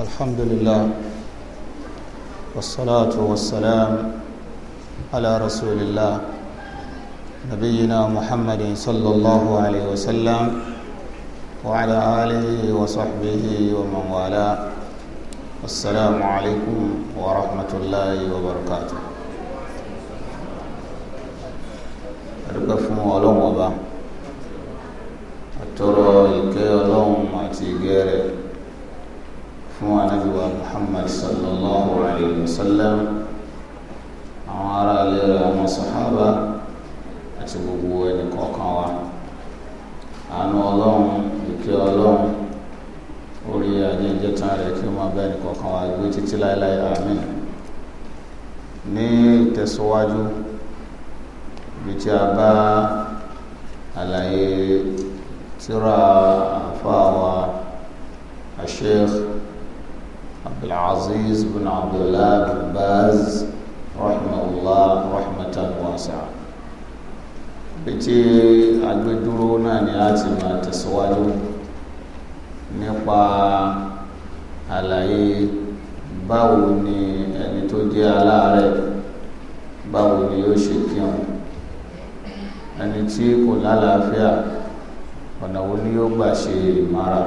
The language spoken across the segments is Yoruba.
الحمد لله والصلاة والسلام على رسول الله نبينا محمد صلى الله عليه وسلم وعلى آله وصحبه ومن والاه السلام عليكم ورحمة الله وبركاته أرقفهم ولهم وبا أترى الكي ولهم أتي غيره fún anábìwá Muhammad sallallahu alayhi wa sallam àwọn ará ilé rẹ̀ àwọn sàhábà àti gbogbo ẹni kọ̀ọ̀kan wa àánú ọlọ́run ìkẹ́ ọlọ́run orí ajẹ́jẹ́ tán rẹ̀ kí ó máa bẹ́ẹ̀ ní kọ̀ọ̀kan wa gbé títí láéláé àmín ní ìtẹ̀síwájú bí tí a bá àlàyé tíra àfáà wa Sheikh العزيز بن عبد الله بن باز رحمه الله رحمة واسعة بتي أجدرو ناني آتي ما تسواجو نقا àlàyé báwo ni ẹni tó jẹ́ aláàárẹ̀ báwo ni yóò ṣe kírun ẹni tí kò lálàáfíà ọ̀nà wo ni yóò gbà ṣe ìmára.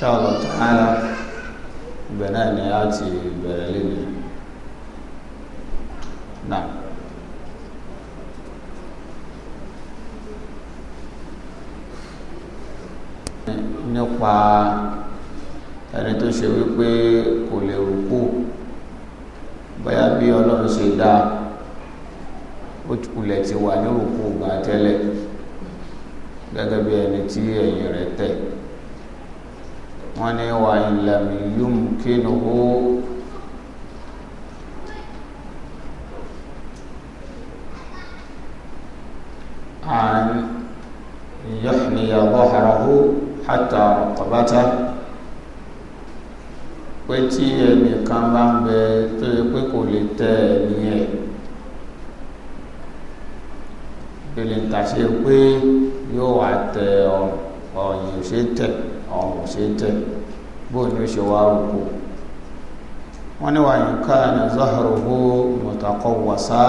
inshallah ta'ala ibẹ̀ náà ni a ti bẹ̀rẹ̀ lẹ́nu náà. nípa ẹni tó ṣe wípé kò lè rúkú bóyá bí ọlọ́run ṣe dá ó kulẹ̀ ti wà ní rúkú gbà tẹ́lẹ̀ gẹ́gẹ́ bí ẹni tí ẹ̀yìn rẹ̀ tẹ̀ wọ́n ní wà ìlàmì yóò kínú ó àn yọ̀hìnìyà bọ́hàràhó hátà ọ̀kọ̀bátá pé tí ẹnìkan bá ń bẹ tó yẹ pé kò lè tẹ ẹ̀mí ẹ̀ ìpele ń tàṣe pé yóò wà tẹ ọ̀yìn ò ṣe tẹ̀ ọ̀hún ṣe tẹ́ bó ní ó ṣe wá òkú wọ́n ní wàyí ká ní zahruhu mutaqawwasa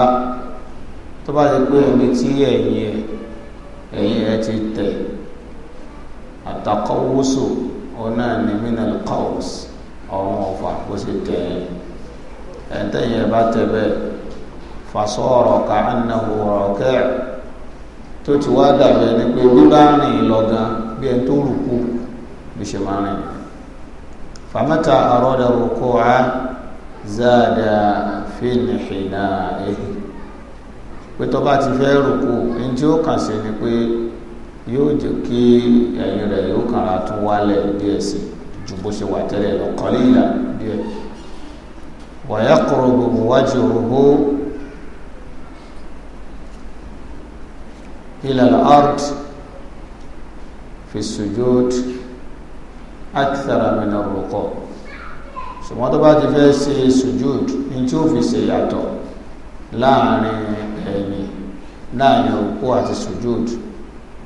tó bá ti pé ibi tí ẹ̀yìn ẹ̀ ẹ̀yìn ẹ̀ ti tẹ̀ àtàkọ́wọ́sọ ọ̀nà ní minal qaws ọ̀hún ọ̀fà bó ṣe tẹ̀ ẹ̀ńtẹ̀yìn ẹ̀ bá tẹ̀ bẹ́ẹ̀ fasọ́ọ̀rọ̀ ká annahu rọ̀kẹ́ tó ti wá dàbẹ̀ ni pé bí bá rìn lọ́gán bí ẹni tó rù bí ṣe máa rìn famata arada ruku'a zada fínìfínà èyí pé tó bá ti fẹ́ rùkú ní tí ó kàn sí ni pé yóò jẹ́ kí ẹ̀yìn rẹ̀ yóò kàrà tún wálẹ̀ díẹ̀ sí ju bó ṣe wà tẹ́lẹ̀ lọ qalila díẹ̀ wa yaqrubu wajhuhu ila al-ard fi sujud akitara mina rukọ ṣùgbọ́n tó bá ti fẹ́ ṣe sujud ní tí ó fi ṣe yàtọ̀ láàrin ẹ̀yìn láàrin òkú àti sujud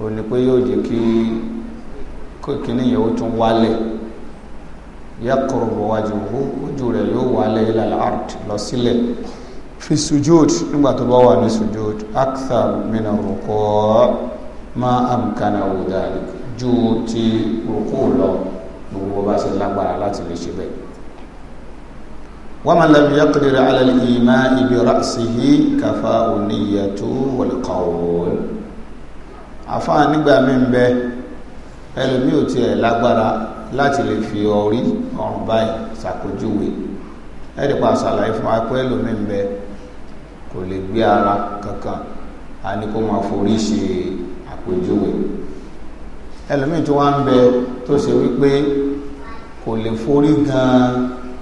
ò ní pé yóò jẹ́ kí kíní yẹn ó tún wálẹ̀ yakurubu wajhuhu ojú rẹ̀ yóò wálẹ̀ ila al-ard lọ sílẹ̀ fi sujud nígbà tó bá wà ní sujud akthar mina rukọ ma amkana wu dhalik ju ti rukú lọ gbogbo bá ṣe lágbára láti lè ṣe bẹ́ẹ̀ wọ́n máa lẹ́nu yẹ́kùnrin alẹ́ ìmá ibi rásìhí kàfà oníyẹ̀tú wọ̀lùkọ̀wọ̀ àfáà nígbà mí ń bẹ ẹlòmí ò tiẹ̀ lágbára láti lè fi orí ọrùn báyìí ṣàpèjúwe ẹ̀ẹ́dẹ̀pá ṣàlàyé fún wa ẹlòmí ń bẹ kò lè gbé ara kankan a ní kó máa forí ṣe àpèjúwe ẹlòmí tí wọ́n ń bẹ tó ṣe wípé kò lè forí gan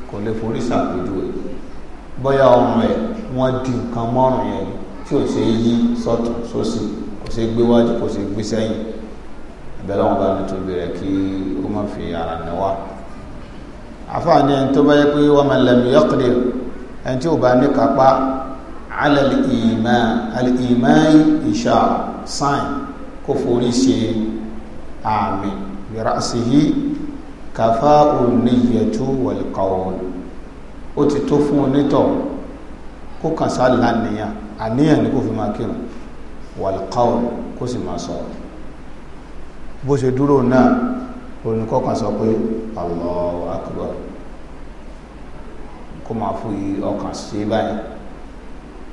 kò lè forí ṣàpèjúwe bóyá ọrùn ẹ̀ wọ́n di nǹkan mọ́rùn yẹn tí ò ṣe yí sọ́tún sósì kò ṣe gbé wájú kò ṣe gbé sẹ́yìn abẹ́lẹ́ wọn bá mi tóbi rẹ̀ kí ó má fi ara nà wá àfààní ẹni tó bá yẹ pé wọ́n máa lẹ́nu yọ́kùnrin ẹni tí ò bá ní kápá alẹ́ ìmọ̀ alẹ́ ìmọ̀ ìṣà sáìn kó forí ṣe àmì ìrásìhí kàfá òníyẹ̀tú wọ̀lùkọ̀ọ̀lù ó ti tó fún onítọ̀ kó kàn sá lánìyàn àníyàn ni kó fi máa kírun wọ̀lùkọ̀ọ̀lù kó sì máa sọ̀rọ̀ bó ṣe dúró náà olùkọ́ kan sọ pé Allahu Akbar kó máa fi ọkàn sí báyìí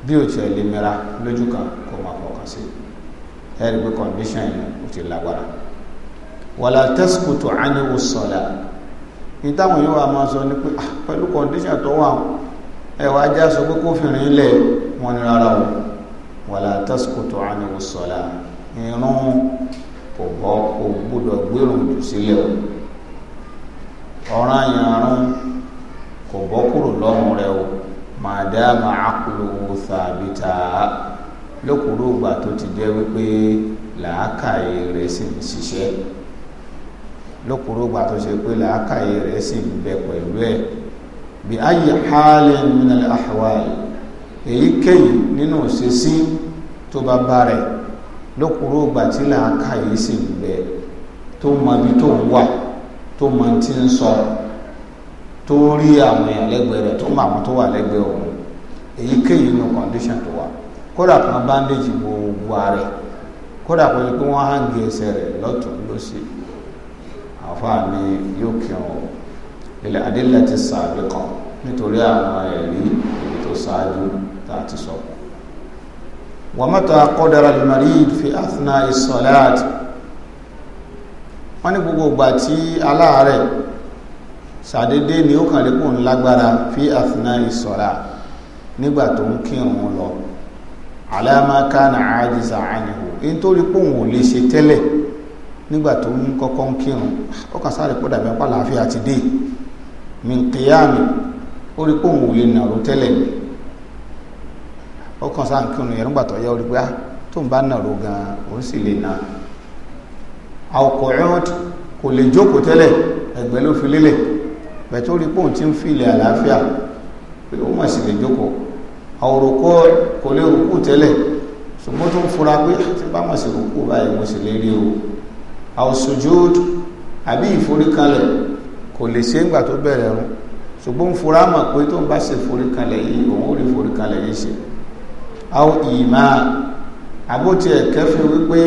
bí o tiẹ̀ lè mẹ́ra lójú kan kó máa fọkàn sí ẹ̀rí pé kọ̀ǹdíṣàn yìí ó ti lágbára wàlá tẹ́sìkòtò ánìwò sọ̀lá ní táwọn yóò wà máa sọ ní pé ah, pẹ̀lú kọ̀ǹdíṣàn tó wà ẹwà ajá sọ pé kófìrin ilẹ̀ wọn ni rárá o wàlá tẹ́sìkòtò ánìwò sọ̀lá irun kò bọ́ kò gbúdọ̀ gbérùn jù sílẹ̀ o ọ̀ràn àyàrún kò bọ́ kúrò lọ́rùn rẹ o màdáàmà àkùlùwò tàbítà lókùrú ìgbà tó ti jẹ́ wípé làákàyè rẹ̀ sì ń ṣiṣẹ́ lókùrú gbà tó ṣe pé làákàyè rẹ̀ sì ń bẹ pẹ̀lú ẹ̀ bí ayé hálẹ̀ nínú àhàwáyé èyíkéyìí nínú òṣèṣí tó bá bá rẹ̀ lókùrú tí làákàyè sì ń bẹ tó mọ tó wà tó mọ t'o ń sọ tó rí àwọn èèyàn lẹ́gbẹ̀ẹ́ rẹ̀ tó mọ àwọn tó wà lẹ́gbẹ̀ẹ́ òun èyíkéyìí nínú kọ̀ǹdíṣàn tó wà kódà kan báńdéjì gbogbo ara rẹ̀ kódà kan pé wọ́n gé ẹsẹ̀ rẹ̀ lọ́tún àfáà ni yóò kírun ilẹ̀ adélẹ̀ ti sàbẹ̀ kan nítorí àwọn ẹ̀rí èyí tó ṣáájú tá a ti sọ. wa mata qadara al-marid fi athna as-salat wọ́n ní gbogbo ìgbà tí aláàárẹ̀ ṣàdédé ni ó kàn lékún lágbára fi athna as nígbà tó ń kírun lọ alama kana ajiza anhu nítorí pòun ò lè ṣe tẹ́lẹ̀ nígbà tó ń kọ́kọ́ ń kírun ó kàn sáré pọ̀ dàbí làáfíà ti dé mi ń kéyà mi ó rí pòun ò nàró tẹ́lẹ̀ mi ó kàn sáré kírun yẹn nígbà tó yẹ ó pé á ah, tó ń bá nàró gan sì lè nà ti ń fi àlàáfíà pé ó lè jókòó kò lè o. àwòsùjúd àbí ìforíkanlẹ̀ kò lè ṣe ńgbà tó bẹ̀rẹ̀ ẹ̀rùn ṣùgbọ́n ń fura mọ̀ pé tó ń bá ṣe ìforíkanlẹ̀ yìí òun ò rí ìforíkanlẹ̀ yìí ṣe àwọn ìmá àbótí ẹ̀kẹ́ fi wípé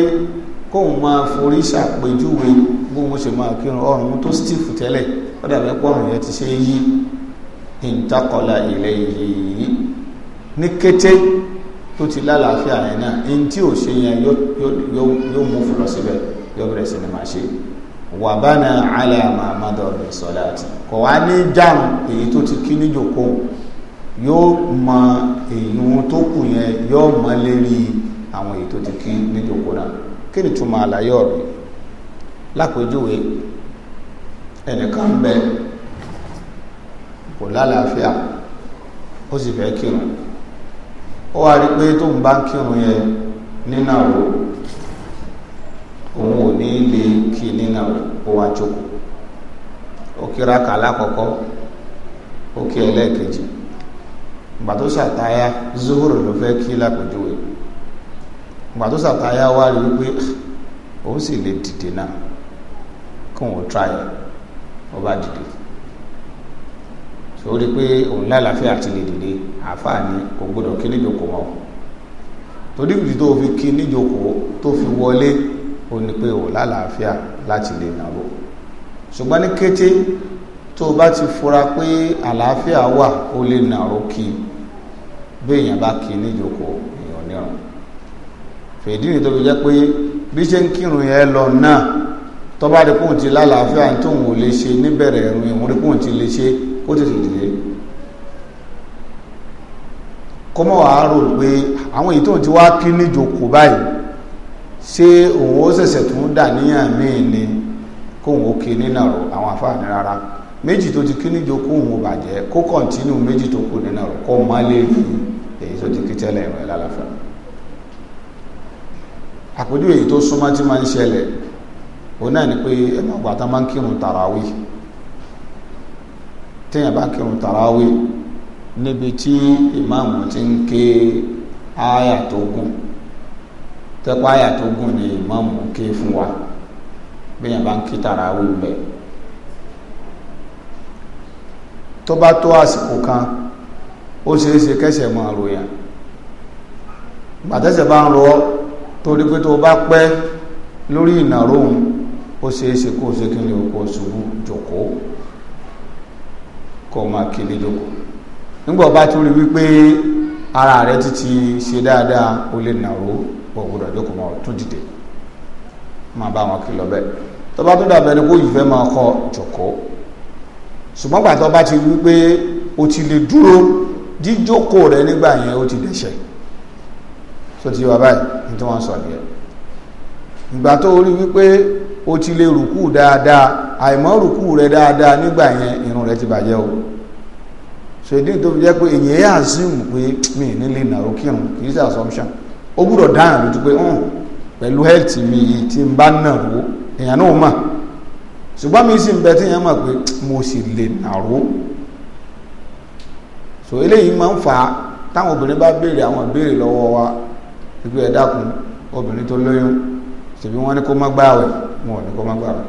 kóun máa forí ṣàpèjúwe bóun ṣe máa kírun ọrùn tó stífù tẹ́lẹ̀ ó dàbí pọ́rùn yẹn ti ṣe yí ìtakọ̀là ilẹ̀ yìí ní kété tó ti lálàáfíà yẹn náà ní tí ò ṣe yẹn yóò mú fún lọ síbẹ̀ yóò bẹ̀rẹ̀ sí ni máa ṣe wà bá na alẹ́ àmà mọ́dọ̀ọ̀dọ̀ sọ́lá àti kò wá ní dáhùn èyí tó ti kí ní jòkó yóò mọ èyí tó kù yẹn yóò mọ lérí àwọn èyí tó ti kí ní jòkó náà kí ni túmọ̀ àlàyé ọ̀rọ̀ lápèjúwe ẹnìkan bẹ kò lálàáfíà ó sì fẹ́ kírun ó wá rí pé tóun bá kírun yẹn nínà ro òun ò ní lè kí nínà ó wá jókòó ó kíra kà lákọ̀ọ́kọ́ ó kí ẹlẹ́ẹ̀kejì ìgbà tó ṣàtáyà zuhuru ló fẹ́ kí lápèjúwe ìgbà tó ṣàtáyà wá rí wípé òun ah, sì lè dìde náà ó ó bá dìde ó rí i pé òun ti lè àáfàá ni kò gbọdọ̀ kí níjókòó wọn torí ìdí tó fi kí tó fi wọlé ó ní pé ò lálàáfíà láti lè nàró ṣùgbọ́n ní kété tó o bá ti fura pé àlàáfíà wà ó lè nàró kí béèyàn bá kí níjókòó èèyàn nírun fèdí ni tó fi jẹ́ pé bí ṣe ń kírun yẹn lọ náà tó bá rí kóhùn ti lálàáfíà tóhùn ò lè ṣe níbẹ̀rẹ̀ ẹ̀rùn ìhun rí kóhùn ti lè ṣe kó tètè dìde kó wàá rò pé àwọn èyí tóhùn ti wá kí níjókòó báyìí ṣé òun ó ṣẹ̀ṣẹ̀ tó ń dà níyàn míì ni kóun ó kí nínà rò àwọn àfáàní rárá méjì tó ti kí níjó kóun ó bàjẹ́ kó kọ̀ntínú méjì tó kù nínà rò ti kí tẹ́lẹ̀ ìrìn ẹ̀ àpèjú èyí tó súnmọ́ tí máa ń ṣẹlẹ̀ òun náà ni pé tán máa ń kírun tàràwí téèyàn bá kírun tàràwí níbi tí ìmáàmù tẹ́pọ̀ àyà tó gùn ní ìmáàmù ké fún wa bí yẹn bá ń kí tàrà wù bẹ́ẹ̀ tó bá tó àsìkò kan ó ṣeéṣe kẹsẹ̀ mọ́ àròyàn gbàtẹ́sẹ̀ bá ń rọ torí pé tó bá pẹ́ lórí ìnàróhùn ó ṣeéṣe kó ṣe kí ni oko ṣubú jòkó kó máa ara rẹ ti ti ṣe dáadáa ó lè nàró o gbọ́dọ̀ jókòó máa tún dìde máa bá wọn kìlọ̀ bẹ́ẹ̀ tó bá tó dàbẹ́ ni kó yìí fẹ́ máa kọ jókòó ṣùgbọ́n gbà tó bá ti wí pé o ti lè dúró jíjókòó rẹ nígbà yẹn o ti dẹ̀ṣẹ̀ tó ti wà báyìí ní tí wọ́n sọ nìyẹn ìgbà tó rí wípé o ti lè rùkú dáadáa àìmọ́ rùkú rẹ dáadáa nígbà yẹn irun rẹ ti bàjẹ́ o ṣèdí tó fi jẹ́ pé èyí ẹ̀ àzíìmù pé mi ní lè nàró kírun kì í ṣe assumption ó gbúdọ̀ dáhùn lójú pé hàn pẹ̀lú health mi yìí tí n bá nà ró èèyàn náà mà ṣùgbọ́n mi sì ń bẹ tí èèyàn mọ̀ pé mo sì lè nà ró so eléyìí máa ń fà á táwọn obìnrin bá béèrè àwọn ìbéèrè lọ́wọ́ wa pípé ẹ dákun obìnrin tó lóyún ṣèbí wọ́n ní kó má gbààwẹ̀ wọn ò ní kó má gbààwẹ̀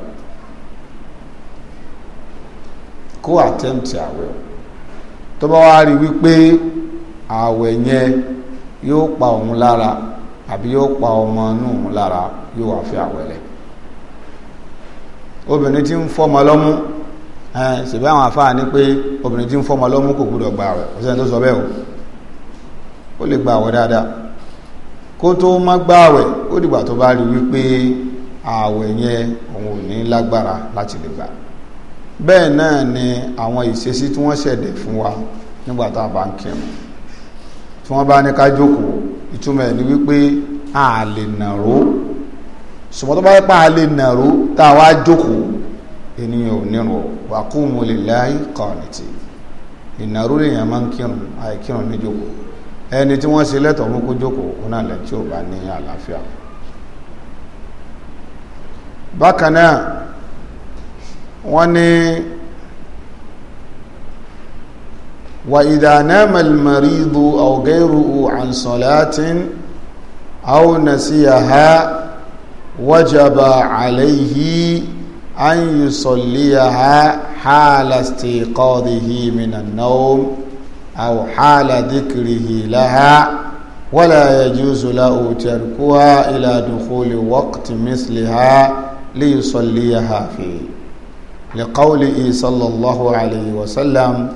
kó attempt àwẹ̀ tó bá wá rí wípé àwẹ̀ yẹn yóò pa òun lára àbí yóò pa ọmọ inú òun lára yóò wá fi àwẹ̀lẹ̀ obìnrin tí ń fọmọ lọ́mú ṣèbí àwọn àfáà ní pé obìnrin tí ń fọmọ lọ́mú kò gbúdọ̀ gba àwẹ̀ kò sẹ́ni tó sọ bẹ́ẹ̀ o ó lè gba àwẹ̀ dáadáa kó tó má gba àwẹ̀ ó dìgbà tó bá rí wípé àwẹ̀ yẹn òun ò ní lágbára láti lè gbà bẹ́ẹ̀ náà ni àwọn ìṣesí tí wọ́n ṣẹ̀dẹ̀ fún wa nígbà tá a bá ń kírun tí wọ́n bá ní ká jókòó ìtumọ̀ ẹ̀ ni wípé a lè nàró ṣùgbọ́n tó bá yẹ pé a lè nàró tá a wá jókòó ènìyàn ò nírun wà kó mo lè láyé kọ̀ọ̀nìtì ìnàró lèèyàn máa ń kírun àìkírun ní jókòó ẹni tí wọ́n ṣe lẹ́tọ̀ọ́ mú kó jókòó ó náà lẹ́tí ò bá ní àlàáfíà bákan náà wọ́n ní. وإذا نام المريض أو غيره عن صلاة أو نسيها وجب عليه أن يصليها حال استيقاظه من النوم أو حال ذكره لها ولا يجوز له تركها إلى دخول وقت مثلها ليصليها فيه لقوله صلى الله عليه وسلم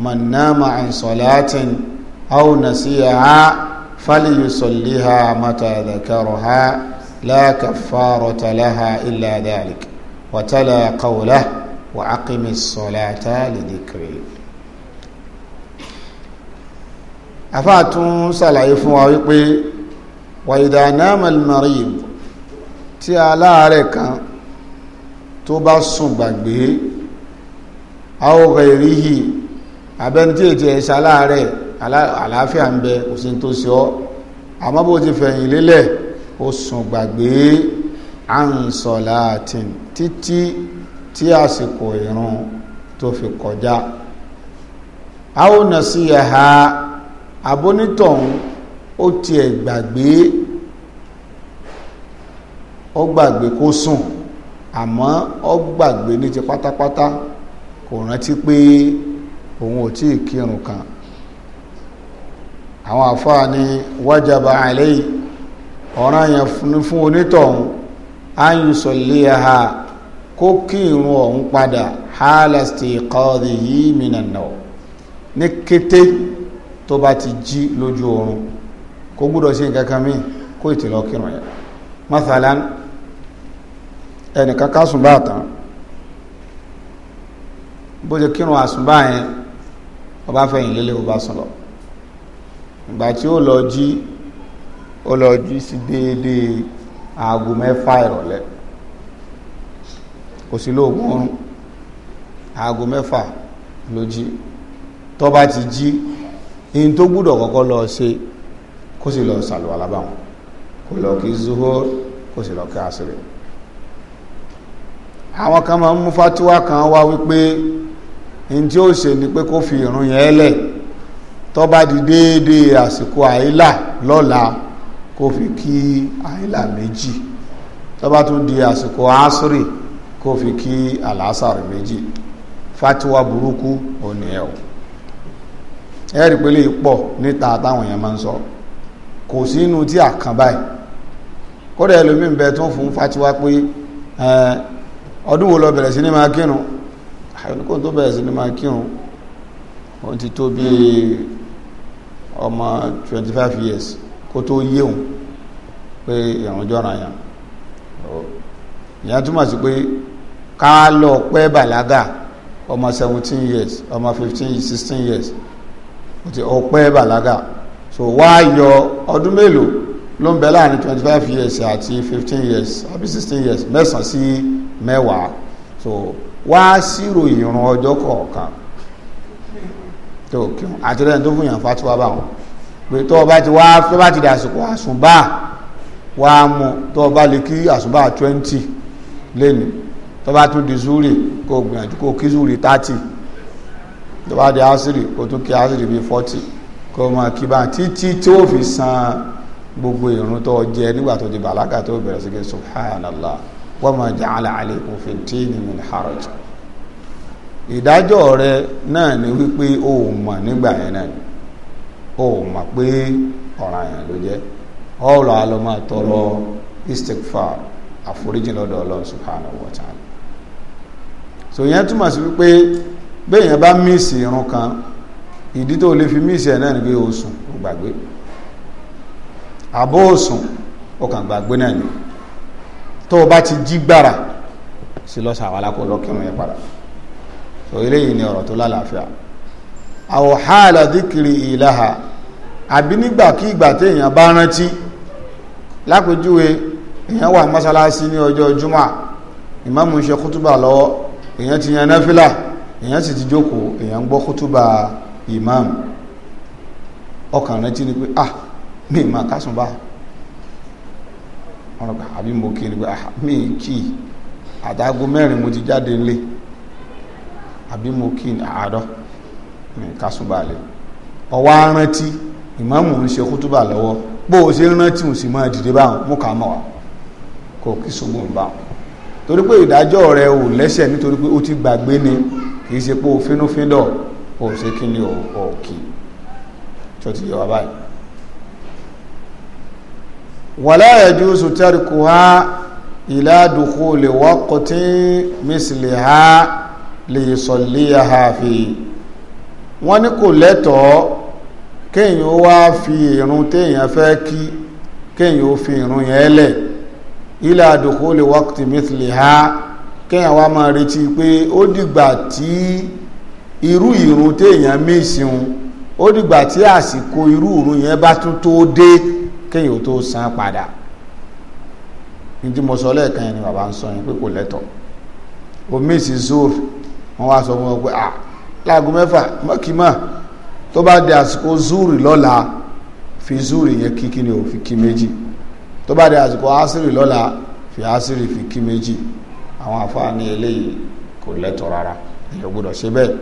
man nama an salatin aw nasiha falyusalliha mata dhakaraha la kafarata laha illa dhalik wa tala qawlah wa aqimi salata li dhikri afa tún ṣàlàyé fún wa wípé wa idha nama al marid tí aláàárẹ̀ kan tó bá sùn gbàgbé aw ghairihi abẹ́ni tí ètò ẹ̀ṣà láàárẹ̀ àlàáfíà ń bẹ kò sí tó ṣe ọ́ àmọ́ bó ti fẹ̀yìn lélẹ̀ ó sùn gbàgbé ansọ̀láàtìn títí tí àsìkò ìrun tó fi kọjá a ó nà sí ẹ̀ha abónítọ̀hún ó tiẹ̀ gbàgbé ó gbàgbé kó sùn àmọ́ ó gbàgbé ní ti pátápátá kò rántí pé òun ò tí ì kírun kan àwọn àfáà ni wájàbà àìlẹ́yìn ọ̀ràn yẹn fún onítọ̀hún ayùsọ̀lẹ́ha kó kírun ọ̀hún padà hálàstì kọ́ọ̀dì yìí mìnànà ní kété tó bá ti jí lójú oorun kó gbúdọ̀ sí nǹkan kan míì kó ìtìlọ kírun yẹn mathalan ẹnìkan kásùn bá tán bó ṣe kírun àsùnbá yẹn ọba fẹ̀yìn lélẹ̀ ọba sùn lọ ìgbà tí ó lọ jí ó lọ jí sí déédéé aago mẹ́fà ìrọ̀lẹ́ kò sí lóògùn oorun aago mẹ́fà ló jí tó bá ti jí in tó gbúdọ̀ kọ́kọ́ lọ ṣe kó sì lọ sàlùwà lábàwọn kò lọ kí zuhur kò sì lọ kí asiri àwọn kan máa ń mú fatuwa kan wá wípé in ó ṣe ni pé kó fi ìrun yẹn tó bá di déédéé àsìkò àìlà lọ́la kó fi kí àìlà méjì tó di àsìkò asiri kó fi kí àlásàrì méjì fatiwa burúkú òní ẹ̀ o ẹ̀rí pé lè pọ̀ níta táwọn èèyàn máa ń sọ kò sí inú tí àkàn báyìí kódà ẹlòmíín bẹ tó fatiwa pé ọdún wo lọ bẹ̀rẹ̀ sí ní máa àyọ̀nìkò tó bẹ̀rẹ̀ sí ní máa kírun òun ti tó bí ọmọ 25 years kó tó yéhùn pé ìrun jọ́ra yàn ìyẹn túmọ̀ sí pé ká lọ pẹ́ bàlágà ọmọ 17 years ọmọ 15 16 years ọpẹ́ bàlágà so wá yọ ọdún mélòó ló ń bẹ láàrin twenty five years àti fifteen years àbí sixteen years mẹ́sàn-án sí mẹ́wàá so wá sírò ìrun ọjọ́ kọ̀ọ̀kan tó kírun àti lẹ́yìn tó fún yàn fatuwa báwọn pé tó o bá ti wá tó bá ti dàsìkò àsùnbà wá mú tó o bá lè kí àsùnbà twenty lẹ́nu tó bá tún di zúrì kó o gbìyànjú kó o kí zúrì thirty tó bá di asiri kó o tún kí asiri bíi forty kó o máa kí báyìí títí tí ó fi san gbogbo ìrun tó o jẹ nígbà tó di bàlágà tó bẹ̀rẹ̀ sí kí subhanallah. wa ma ja'ala alaykum fi ddini ìdájọ́ rẹ náà ni wípé o mọ̀ nígbà yẹn náà o mọ̀ pé ọ̀ràn yẹn ló jẹ́ ọ̀rọ̀ a tọrọ istighfar àforíjì lọ́dọ̀ ọlọ́run subhanahu so yẹn túmọ̀ sí wípé bá míìsì irun kan fi míìsì ẹ̀ náà ni pé o sùn o gbàgbé àbó o sùn o kàn tó o bá ti jí gbàrà sí lọ́sà àwọn alákòóló kírun yẹn padà tó eléyìí ni ọ̀rọ̀ tó lálàáfíà àwọ̀ hàlà díkiri ìlàhà àbí nígbàkígbà téèyàn bá rántí lápèjúwe èèyàn wà mọ́sálásí ní ọjọ́ júmọ́ ìmáàmù ń ṣe kútúbà lọ́wọ́ èèyàn ti yan náfìlà èèyàn sì ti jókòó èèyàn ń gbọ́ kútúbà ìmáàmù ọkàn rántí ni pé ah mi ìmọ̀ kásùn báyìí wọn rọ àbí mo kiri pé ah, mi kì í àtàgò mẹ́rin mo ti jáde nílé àbí mo kì í àádọ́ kásùbàlẹ̀ ọwọ́ arántí ìmáàmù ń ṣe kútúbà lọ́wọ́ bó o ṣe rántí òun sì máa dìde báwọn mú kà á mọ̀ wá kò kí sógun báwọn torí pé ìdájọ́ rẹ ò lẹ́sẹ̀ nítorí pé ó ti gbàgbé ni kì í ṣe pé o fínúfíndọ̀ o ṣe kí ni o kì í tó ti yẹ wá báyìí wala yajuzu tarkuha ila dukhuli waqti misliha li yusalliha fi wọ́n ní kò lẹ́tọ̀ọ́ kéèyàn ó wá fi ìrun téèyàn fẹ́ kí kéèyàn ó fi ìrun yẹn lẹ̀ ila dukhuli waqti misliha kéèyàn wá máa retí pé ó dìgbà tí irú ìrun téèyàn mí ìsìn ó dìgbà tí àsìkò irú ìrun yẹn bá tún tó dé kéèyàn tó san padà ní mo sọ lẹ́ẹ̀kan yẹn ni bàbá ń sọ yẹn pé kò lẹ́tọ̀ omi sì zoro wọ́n wá sọ fún wọn pé ah láago mẹ́fà di àsìkò lọ́la fi zuru yẹn kíkí ni o fi kí méjì tó di àsìkò asiri lọ́la fi asiri fi kí méjì àwọn àfáàní eléyìí kò lẹ́tọ̀ rárá èèyàn gbọ́dọ̀ ṣe bẹ́ẹ̀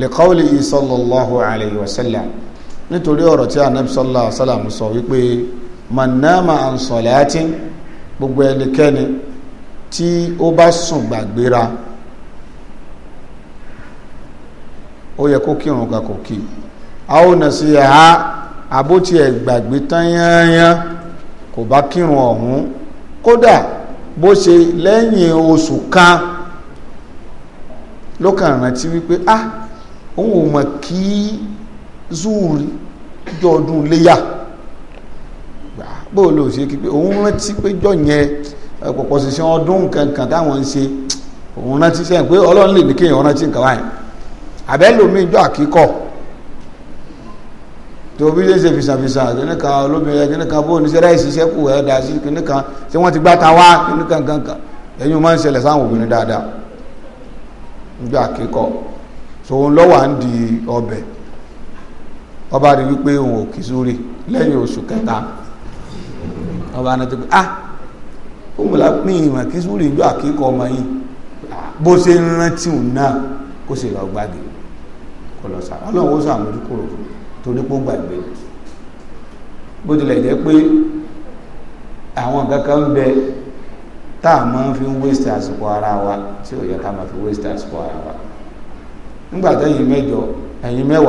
li qawlihi sallallahu alayhi nítorí ọ̀rọ̀ tí anabi sallallahu alaihi wasallam sọ wípé manama ansọ̀láàtì gbogbo ẹnikẹ́ni tí ó bá sùn gbàgbéra ó yẹ kó kírun ká kò kí àwọn nàṣí ẹ̀há àbótí ẹ̀ gbàgbé tán yányán kò bá kírun ọ̀hún kódà bó ṣe lẹ́yìn oṣù kan ló kàn rántí wípé ah òun ò mọ̀ kí zuuri jọ ọdún léyà bóò lò ṣe kíkẹ́ òun rántí pé jọ yẹn pọ̀pọ̀ ṣiṣẹ́ ọdún kankan táwọn ń ṣe òun rántí sẹ́yìn pé ọlọ́run lè ní kéèyàn rántí nǹkan báyìí àbẹ́lòmíì jọ àkíkọ̀ tòbí ṣe ṣe fìsàfìsà kìnìkan olóbìnrin kìnìkan bó ní sẹ́rẹ́ ìṣiṣẹ́ kù ẹ̀ dà sí kìnìkan tí wọ́n ti gbá ta wá kìnìkan kankan ẹ̀yin máa ń ṣẹlẹ̀ sáwọn obìnrin dáadáa nígbà kíkọ̀ so òun lọ́wọ́ à ń di ọbẹ̀ ọba rí wípé òun ò kí zúrì lẹ́yìn oṣù kẹta ọba náà ti pé ah òun pín ìmọ̀ kí zúrì ìjọ àkíkọ ọmọ yìí bó ṣe ń rántí òun náà kó lọ gbàgbé kó lọ sàrà ọlọ́run ó gbàgbé bó tilẹ̀ jẹ́ pé àwọn ń bẹ tá a máa fi ń àsìkò ara wa tí ò yẹ ká máa fi àsìkò ara wa nígbà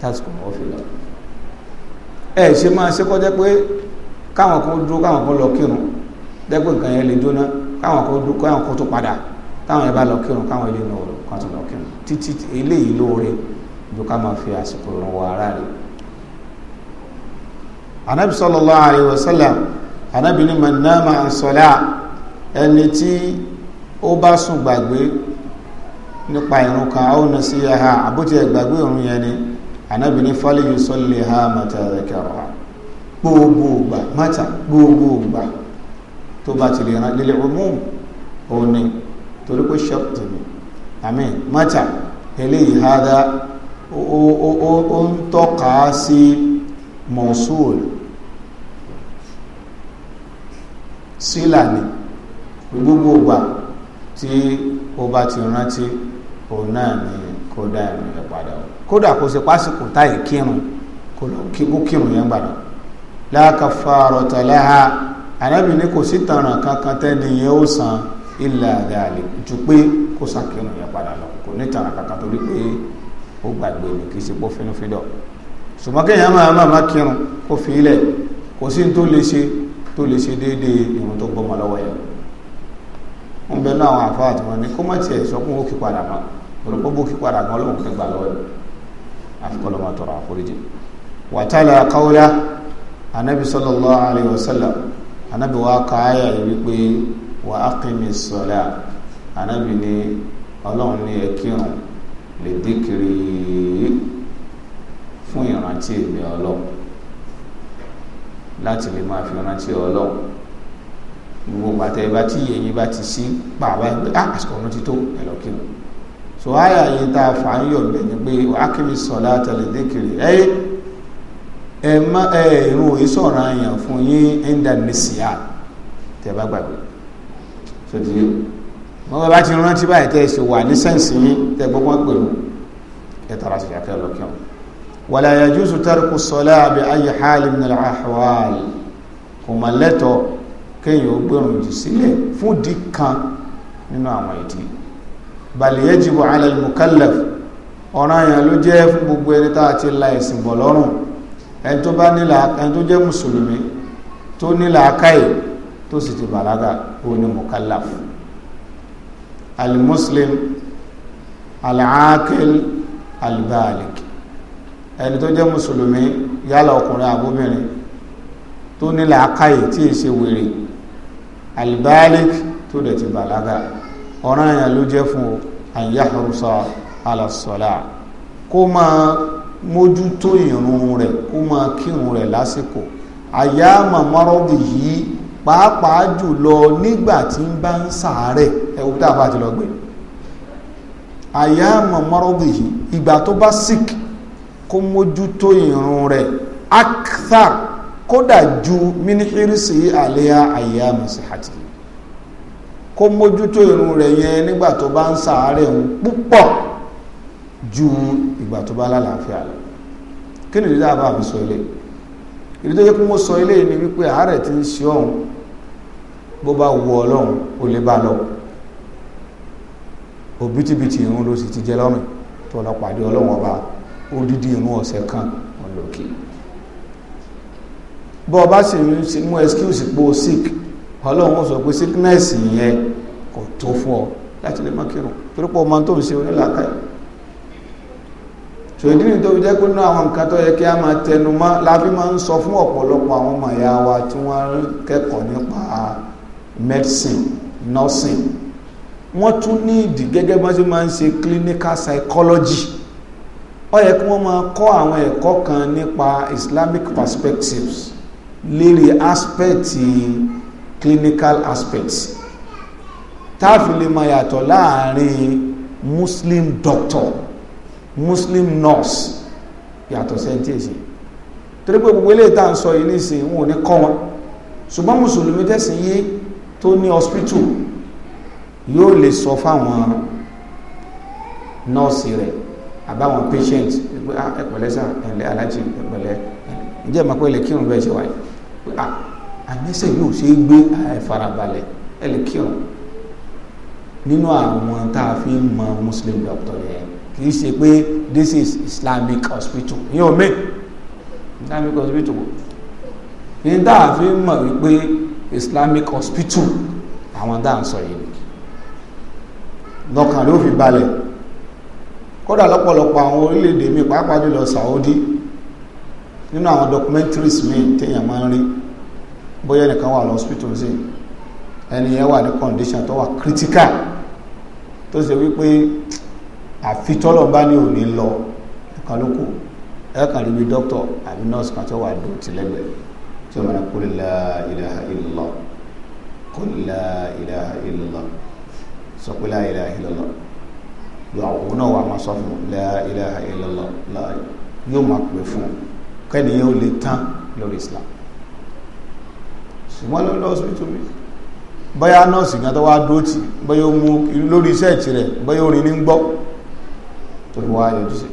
that's compulsory ẹ ṣe máa ṣe kọjá pé káwọn kan dúró káwọn kan lọ kírun dẹ́gbẹ́ nǹkan yẹn lè jóná káwọn kan dúró káwọn kan tó padà táwọn yẹn bá lọ kírun káwọn ilé náà kan fi àsìkò ràn wọ ara anabi anabi ni ẹni tí ó bá sùn gbàgbé nípa kan ó ni. ànábì ní fáliyù sọ́lẹ̀ ha mata zakara gbogbo gbà mata gbogbo gbà tó bá ti lè ran lílẹ̀ ọmọ òní torí pé ṣọ́ọ̀tì ni àmì mata eléyìí hádá ó ń tọ́ka sí mọ̀súl sílà ni gbogbo gbà tí ó bá ti rántí òun náà ni kó dá ẹ̀mí padà wá kódà kó ṣe pásìkò táyì kírun kó lọ kó kírun yẹn gbàdọ̀ láàkàfà rọ̀tà láha ànábì ní kò sí tànràn kankan tẹ́ni yẹn ó san ilà àgàlè ju pé kó san kírun yẹn padà lọ kò ní tànràn kankan torí pé ó gbàgbé ní kì í ṣe pọ́ fínúfíndọ̀ ṣùgbọ́n kéèyàn máa máa má kírun kó fi ilẹ̀ kò sí tó lè ṣe tó lè ṣe déédéé ìrun tó gbọmọ lọ́wọ́ yẹn ń bẹ náà àwọn àfáà tí wọ́n ní kó má tiẹ̀ sọ fún òkè padà mọ́ orúkọ bókè padà gan lóhùn nígbà lọ́wọ́ yẹn àfikọ́lọ́ máa tọrọ àforíjì wàtálà kawla anabi sallallahu alayhi wa sallam anabi wa kaaya wípé wa aqimi sọlá anabi ni ọlọ́run ní ẹkírun lè díkiri fún ìrántí ìgbé ọlọ́run láti lè máa fi rántí ọlọ́run gbogbo àtẹ̀yẹ bá tí yẹ̀yìn bá ti sí pàápàá pé ah, àsìkò ọ̀run ti tó ẹ̀lọ́kírun so àyà yìí tá a fà ń yọ̀ bẹ̀ ni pé akíbi sọ̀lá tẹ̀lé dékèrè ẹ ẹ má ẹ irun òye sọ̀rọ̀ àyàn fún yín ẹ̀ńdà mẹ́sìá tẹ̀ bá gbàgbé so ti wọn bá ti rántí báyìí tẹ̀ ṣe wà ní sẹ́ǹsì yín tẹ̀ gbọ́gbọ́n pẹ̀lú ẹ̀ tara sí akẹ́ lọ́kẹ́wọ̀n wàlá yàjúsù tàrkù sọ́lá àbí ayé hálì ní àhàwàlì kò mà lẹ́tọ̀ kéèyàn ó gbẹ̀rùn jù sílẹ̀ fún dì kan nínú àwọn ìdí bal yajibu ala al-mukallaf ọ̀ràn yẹn ló jẹ́ fún gbogbo ẹni tá a ti la ẹ̀sìn bọ̀ lọ́rùn ẹni tó bá nílà ẹni tó jẹ́ mùsùlùmí tó nílà akáyè tó sì ti bàlágà ó ní mukallaf al-muslim al-aakil al-baalik ẹni tó jẹ́ mùsùlùmí yálà ọkùnrin àbóbìnrin tó nílà akáyè tí ì ṣe wèrè al tó dẹ̀ ti bàlágà ọ̀ràn àyàn ló jẹ́ fún àyà àrùsà alàsọ̀là kó máa mójútó ìrun rẹ̀ kó máa kírun rẹ̀ lásìkò àyà màmárọ́bù yìí pàápàá jùlọ nígbà tí ń bá ń sàárẹ̀ ẹ̀wù tá a bá ti lọ gbé àyà màmárọ́bù yìí ìgbà tó bá sick kó mójútó ìrun rẹ̀ akthar kódà ju minihirisi àlẹ́yà àyà masihati kó mójútó irun rẹ̀ yẹn nígbà tó bá ń sàárẹ̀ òun púpọ̀ ju ìgbà tó bá lálàáfíà lọ kí nìdí dáa bá mi sọ ilé ìdí tó yẹ kó mo sọ ilé ni wípé àárẹ̀ ti ń ṣe ọ̀hún bó bá wu ọlọ́run ó lè bá lọ òbítíbitì irun ló sì ti jẹ lọ́rùn tó lọ pàdé ọlọ́run ọba odidi irun ọ̀sẹ̀ kan ọ̀lọ́kì bọ́ ọ sì ń mú excuse pé o sick ọlọ́run ó sọ pé sickness yẹn kò tó fún ọ láti lè má kírun torí pé ọmọ tó ń ṣe onílàkà yìí ṣòdí ni tó fi jẹ́ pé nínú àwọn nǹkan tó yẹ kí a máa tẹnu mọ́ láfi máa ń sọ fún ọ̀pọ̀lọpọ̀ àwọn ọmọ ìyá wa tí wọ́n kẹ́kọ̀ọ́ nípa medicine nursing wọ́n tún ní ìdí gẹ́gẹ́ bá ṣe máa ń ṣe clinical psychology ó yẹ kí wọ́n máa kọ́ àwọn ẹ̀kọ́ kan nípa Islamic perspectives lérí aspect clinical aspects táàfin lè máa yàtọ̀ láàrin muslim doctor muslim nurse yàtọ̀ sẹ́ńtẹ̀sì torí pé gbogbo eléyìí tá à ń sọ yìí nísìnyí wọn ò ní kọ́ wọn ṣùgbọ́n mùsùlùmí tẹ̀sí yé tó ní hospital yóò lè sọ fáwọn nọ́ọ̀sì rẹ̀ àbáwọn patient ẹ̀pẹ̀lẹ́sà ẹ̀lẹ́ alájì ẹ̀pẹ̀lẹ́ ǹjẹ́ ìmọ̀ pé lè kírun bẹ́ẹ̀ ṣe wáyé ah, àmẹ́sẹ̀ yóò ṣe é gbé àìfarabalẹ̀ ẹ̀ lè kírun nínú àwọn tá a fi ń mọ muslim doctor yẹn kì í ṣe pé this is islamic hospital ní omi islamic hospital ní tá a fi ń mọ wípé islamic hospital àwọn tá à ń sọ yìí lọ́kàn ló fi balẹ̀ kódà lọ́pọ̀lọpọ̀ àwọn orílẹ̀-èdè mi pàápàá jùlọ saudi nínú àwọn documentaries mi téèyàn máa ń rí bóyá ẹnìkan wà lọ hospital sí ẹni yẹn wà ní condition tó wà critical tó ṣe wípé àfitọ́lọ̀ bá ní òní lọ nǹkan ló kù ẹ kàn bí doctor àbí nurse kan tó wà dùn tìlẹ́gbẹ̀ẹ́ tí ó máa kú la ilaha illallah kú la ilaha illallah sọ pé la ilaha illallah yóò àwọn náà wà máa sọ fún la ilaha illallah yóò máa pè fún kẹ́ni yóò lè tán lórí Islam ṣùgbọ́n ló lọ sí tóbi bóyá nọ́ọ̀sì gan tó wá dúró tì bóyá ó mú lórí iṣẹ́ ti rẹ̀ bóyá ó rìn ní gbọ́ tó wá yọjú sí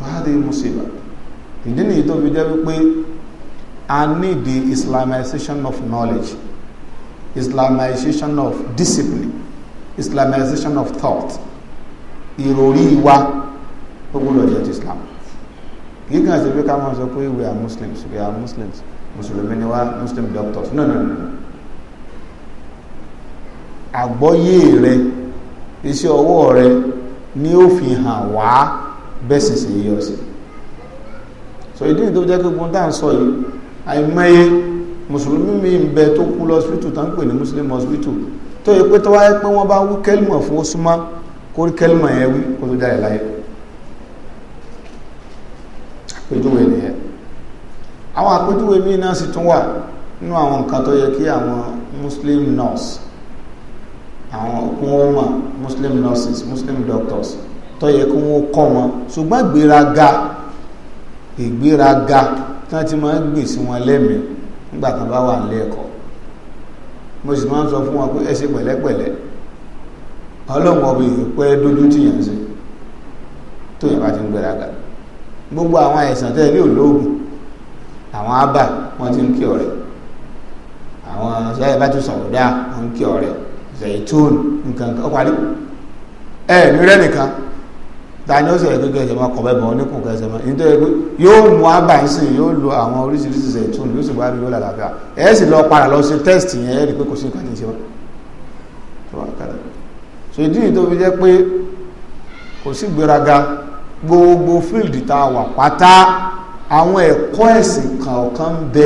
wáhádé mùsíbà ìdí nìyí tó fi jẹ́ wípé a need the islamization of knowledge islamization of discipline islamization of thought ìròrí wa ó gbọ́dọ̀ jẹ́ ti islam kì í kàn ṣe pé ká máa sọ pé we are muslims we are muslims mùsùlùmí ni wá muslim doctors no no no àgbọ́yé rẹ iṣẹ́ ọwọ́ rẹ ni ó fi hàn wá bẹ́sìn sí yíyọ sí so ìdí ìdó jẹ́ gbogbo tá à ń sọ yìí àìmọye mùsùlùmí mi ń bẹ tó kú lọ hospital tá ń pè ní muslim hospital tó yẹ pé tó wáyé pé wọ́n bá wú kẹ́lìmọ̀ fún ó súnmọ́ kó rí kẹ́lìmọ̀ yẹn wí kó tó jáde láyé àpéjúwe nìyẹn àwọn àpèjúwe míì náà sì tún wà nínú àwọn nǹkan tó yẹ kí àwọn muslim nurse àwọn kún wọn muslim nurses muslim doctors tó yẹ kí wọ́n kọ́ wọn ṣùgbọ́n ìgbéraga ìgbéraga tí wọ́n ti máa ń gbìn sí wọn lẹ́mìí nígbà tí wọ́n bá wà nílé ẹ̀kọ́ mo sì máa ń sọ fún wọn pé ẹ ṣe pẹ̀lẹ́pẹ̀lẹ́ ọlọ́run ọbẹ̀ ìpẹ́ dójú tì yàn sí tó yẹ bá ti ń gbéraga gbogbo àwọn àìsàn tẹ́lẹ̀ ní òlóògùn àwọn abà wọn ti ń kí àwọn ṣẹlẹ bá tún sọ̀rọ̀ wọn ń kí ọ̀rẹ́ zaitun nǹkan kan ẹ ní nìkan tani ó sọ̀rọ̀ gbẹgbẹ ẹsẹ máa kọ bẹ́ẹ̀ bọ oníkùn kẹsẹ máa nítorí pé yóò mú abà ń sìn yóò lo àwọn oríṣiríṣi zaitun yóò sì bá rí lọ́la àlàáfíà ẹ sì lọ lọ ṣe yẹn ẹ rí i pé kò sí nǹkan tí ń ṣe yìí tó fi jẹ́ pé kò sí gbéraga gbogbo fíìlì tá a wà pátá àwọn ẹ̀kọ́ ẹ̀sìn kọ̀ọ̀kan ń bẹ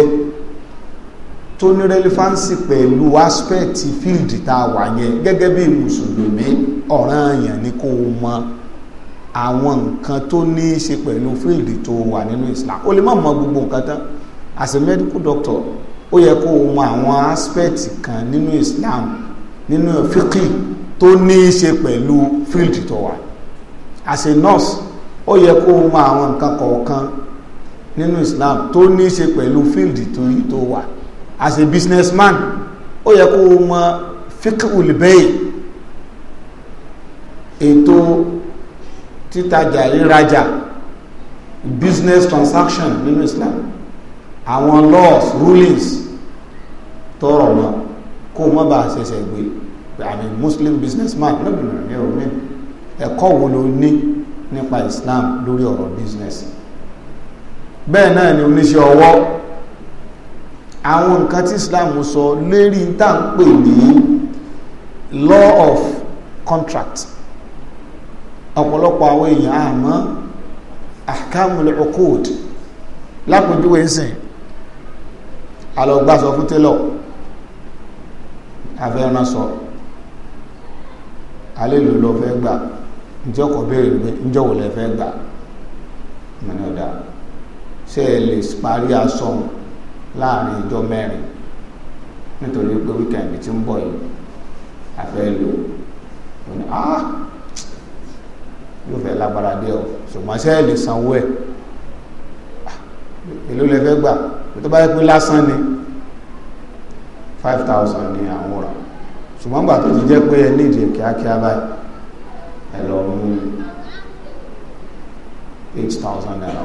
tó ní rẹlifánsì pẹ̀lú aspẹ́ẹ̀tì fíìlì tá a wà yẹn gẹ́gẹ́ bí mùsùlùmí ọ̀ranyàn ni kó o mọ àwọn nǹkan tó ní í ṣe pẹ̀lú fíìlì tó wà nínú Islam o lè má mọ gbogbo nǹkan tán as a medical doctor ó yẹ kó o mọ àwọn aspẹ́ẹ̀tì kan nínú Islam nínú fíkì tó ní í ṣe pẹ̀lú fíìlì tó wà as a nurse ó yẹ kó o mọ àwọn nǹkan kọ̀ọ̀kan nínú Islam tó ní í ṣe pẹ̀lú field tó yí tó wà as a businessman ó yẹ kó o mọ fíkìwìlì bẹ́ẹ̀ ètò títajà rírajà business transaction nínú Islam àwọn laws rulings tọrọ mọ kó o mọ bá a ṣẹṣẹ gbé àmì muslim businessman lóbìnrin ní omi ẹ̀kọ́ wo ló ní nípa Islam lórí ọ̀rọ̀ business. bẹ́ẹ̀ náà ni oníṣẹ́ ọwọ́ àwọn nǹkan tí Islam sọ lérí tá ń pè ní law of contract ọ̀pọ̀lọpọ̀ àwọn èèyàn àmọ́ ahkamul uqud lápòjúwe ń alọ́gbàsọ fún télọ̀ afẹ́ran alélò lọ fẹ́ gbà ǹjẹ́ ọkọ̀ béèrè fẹ́ gbà ọ̀dà ṣe é lè parí asọ̀hún láàrin ìjọ mẹ́rin nítorí pé wíkẹ̀ndì tí ń bọ̀ yìí àfẹ́ lò ó ní ah yóò fẹ́ lágbára dé ọ ṣùgbọ́n ṣe é lè sanwó ẹ̀ ah, èló lè fẹ́ gbà tó bá yẹ pé lásán ni five thousand ni àwọn rà ṣùgbọ́n gbà tó ti jẹ́ pé ẹ nídìí kíákíá báyìí ẹ lọ mú eight thousand naira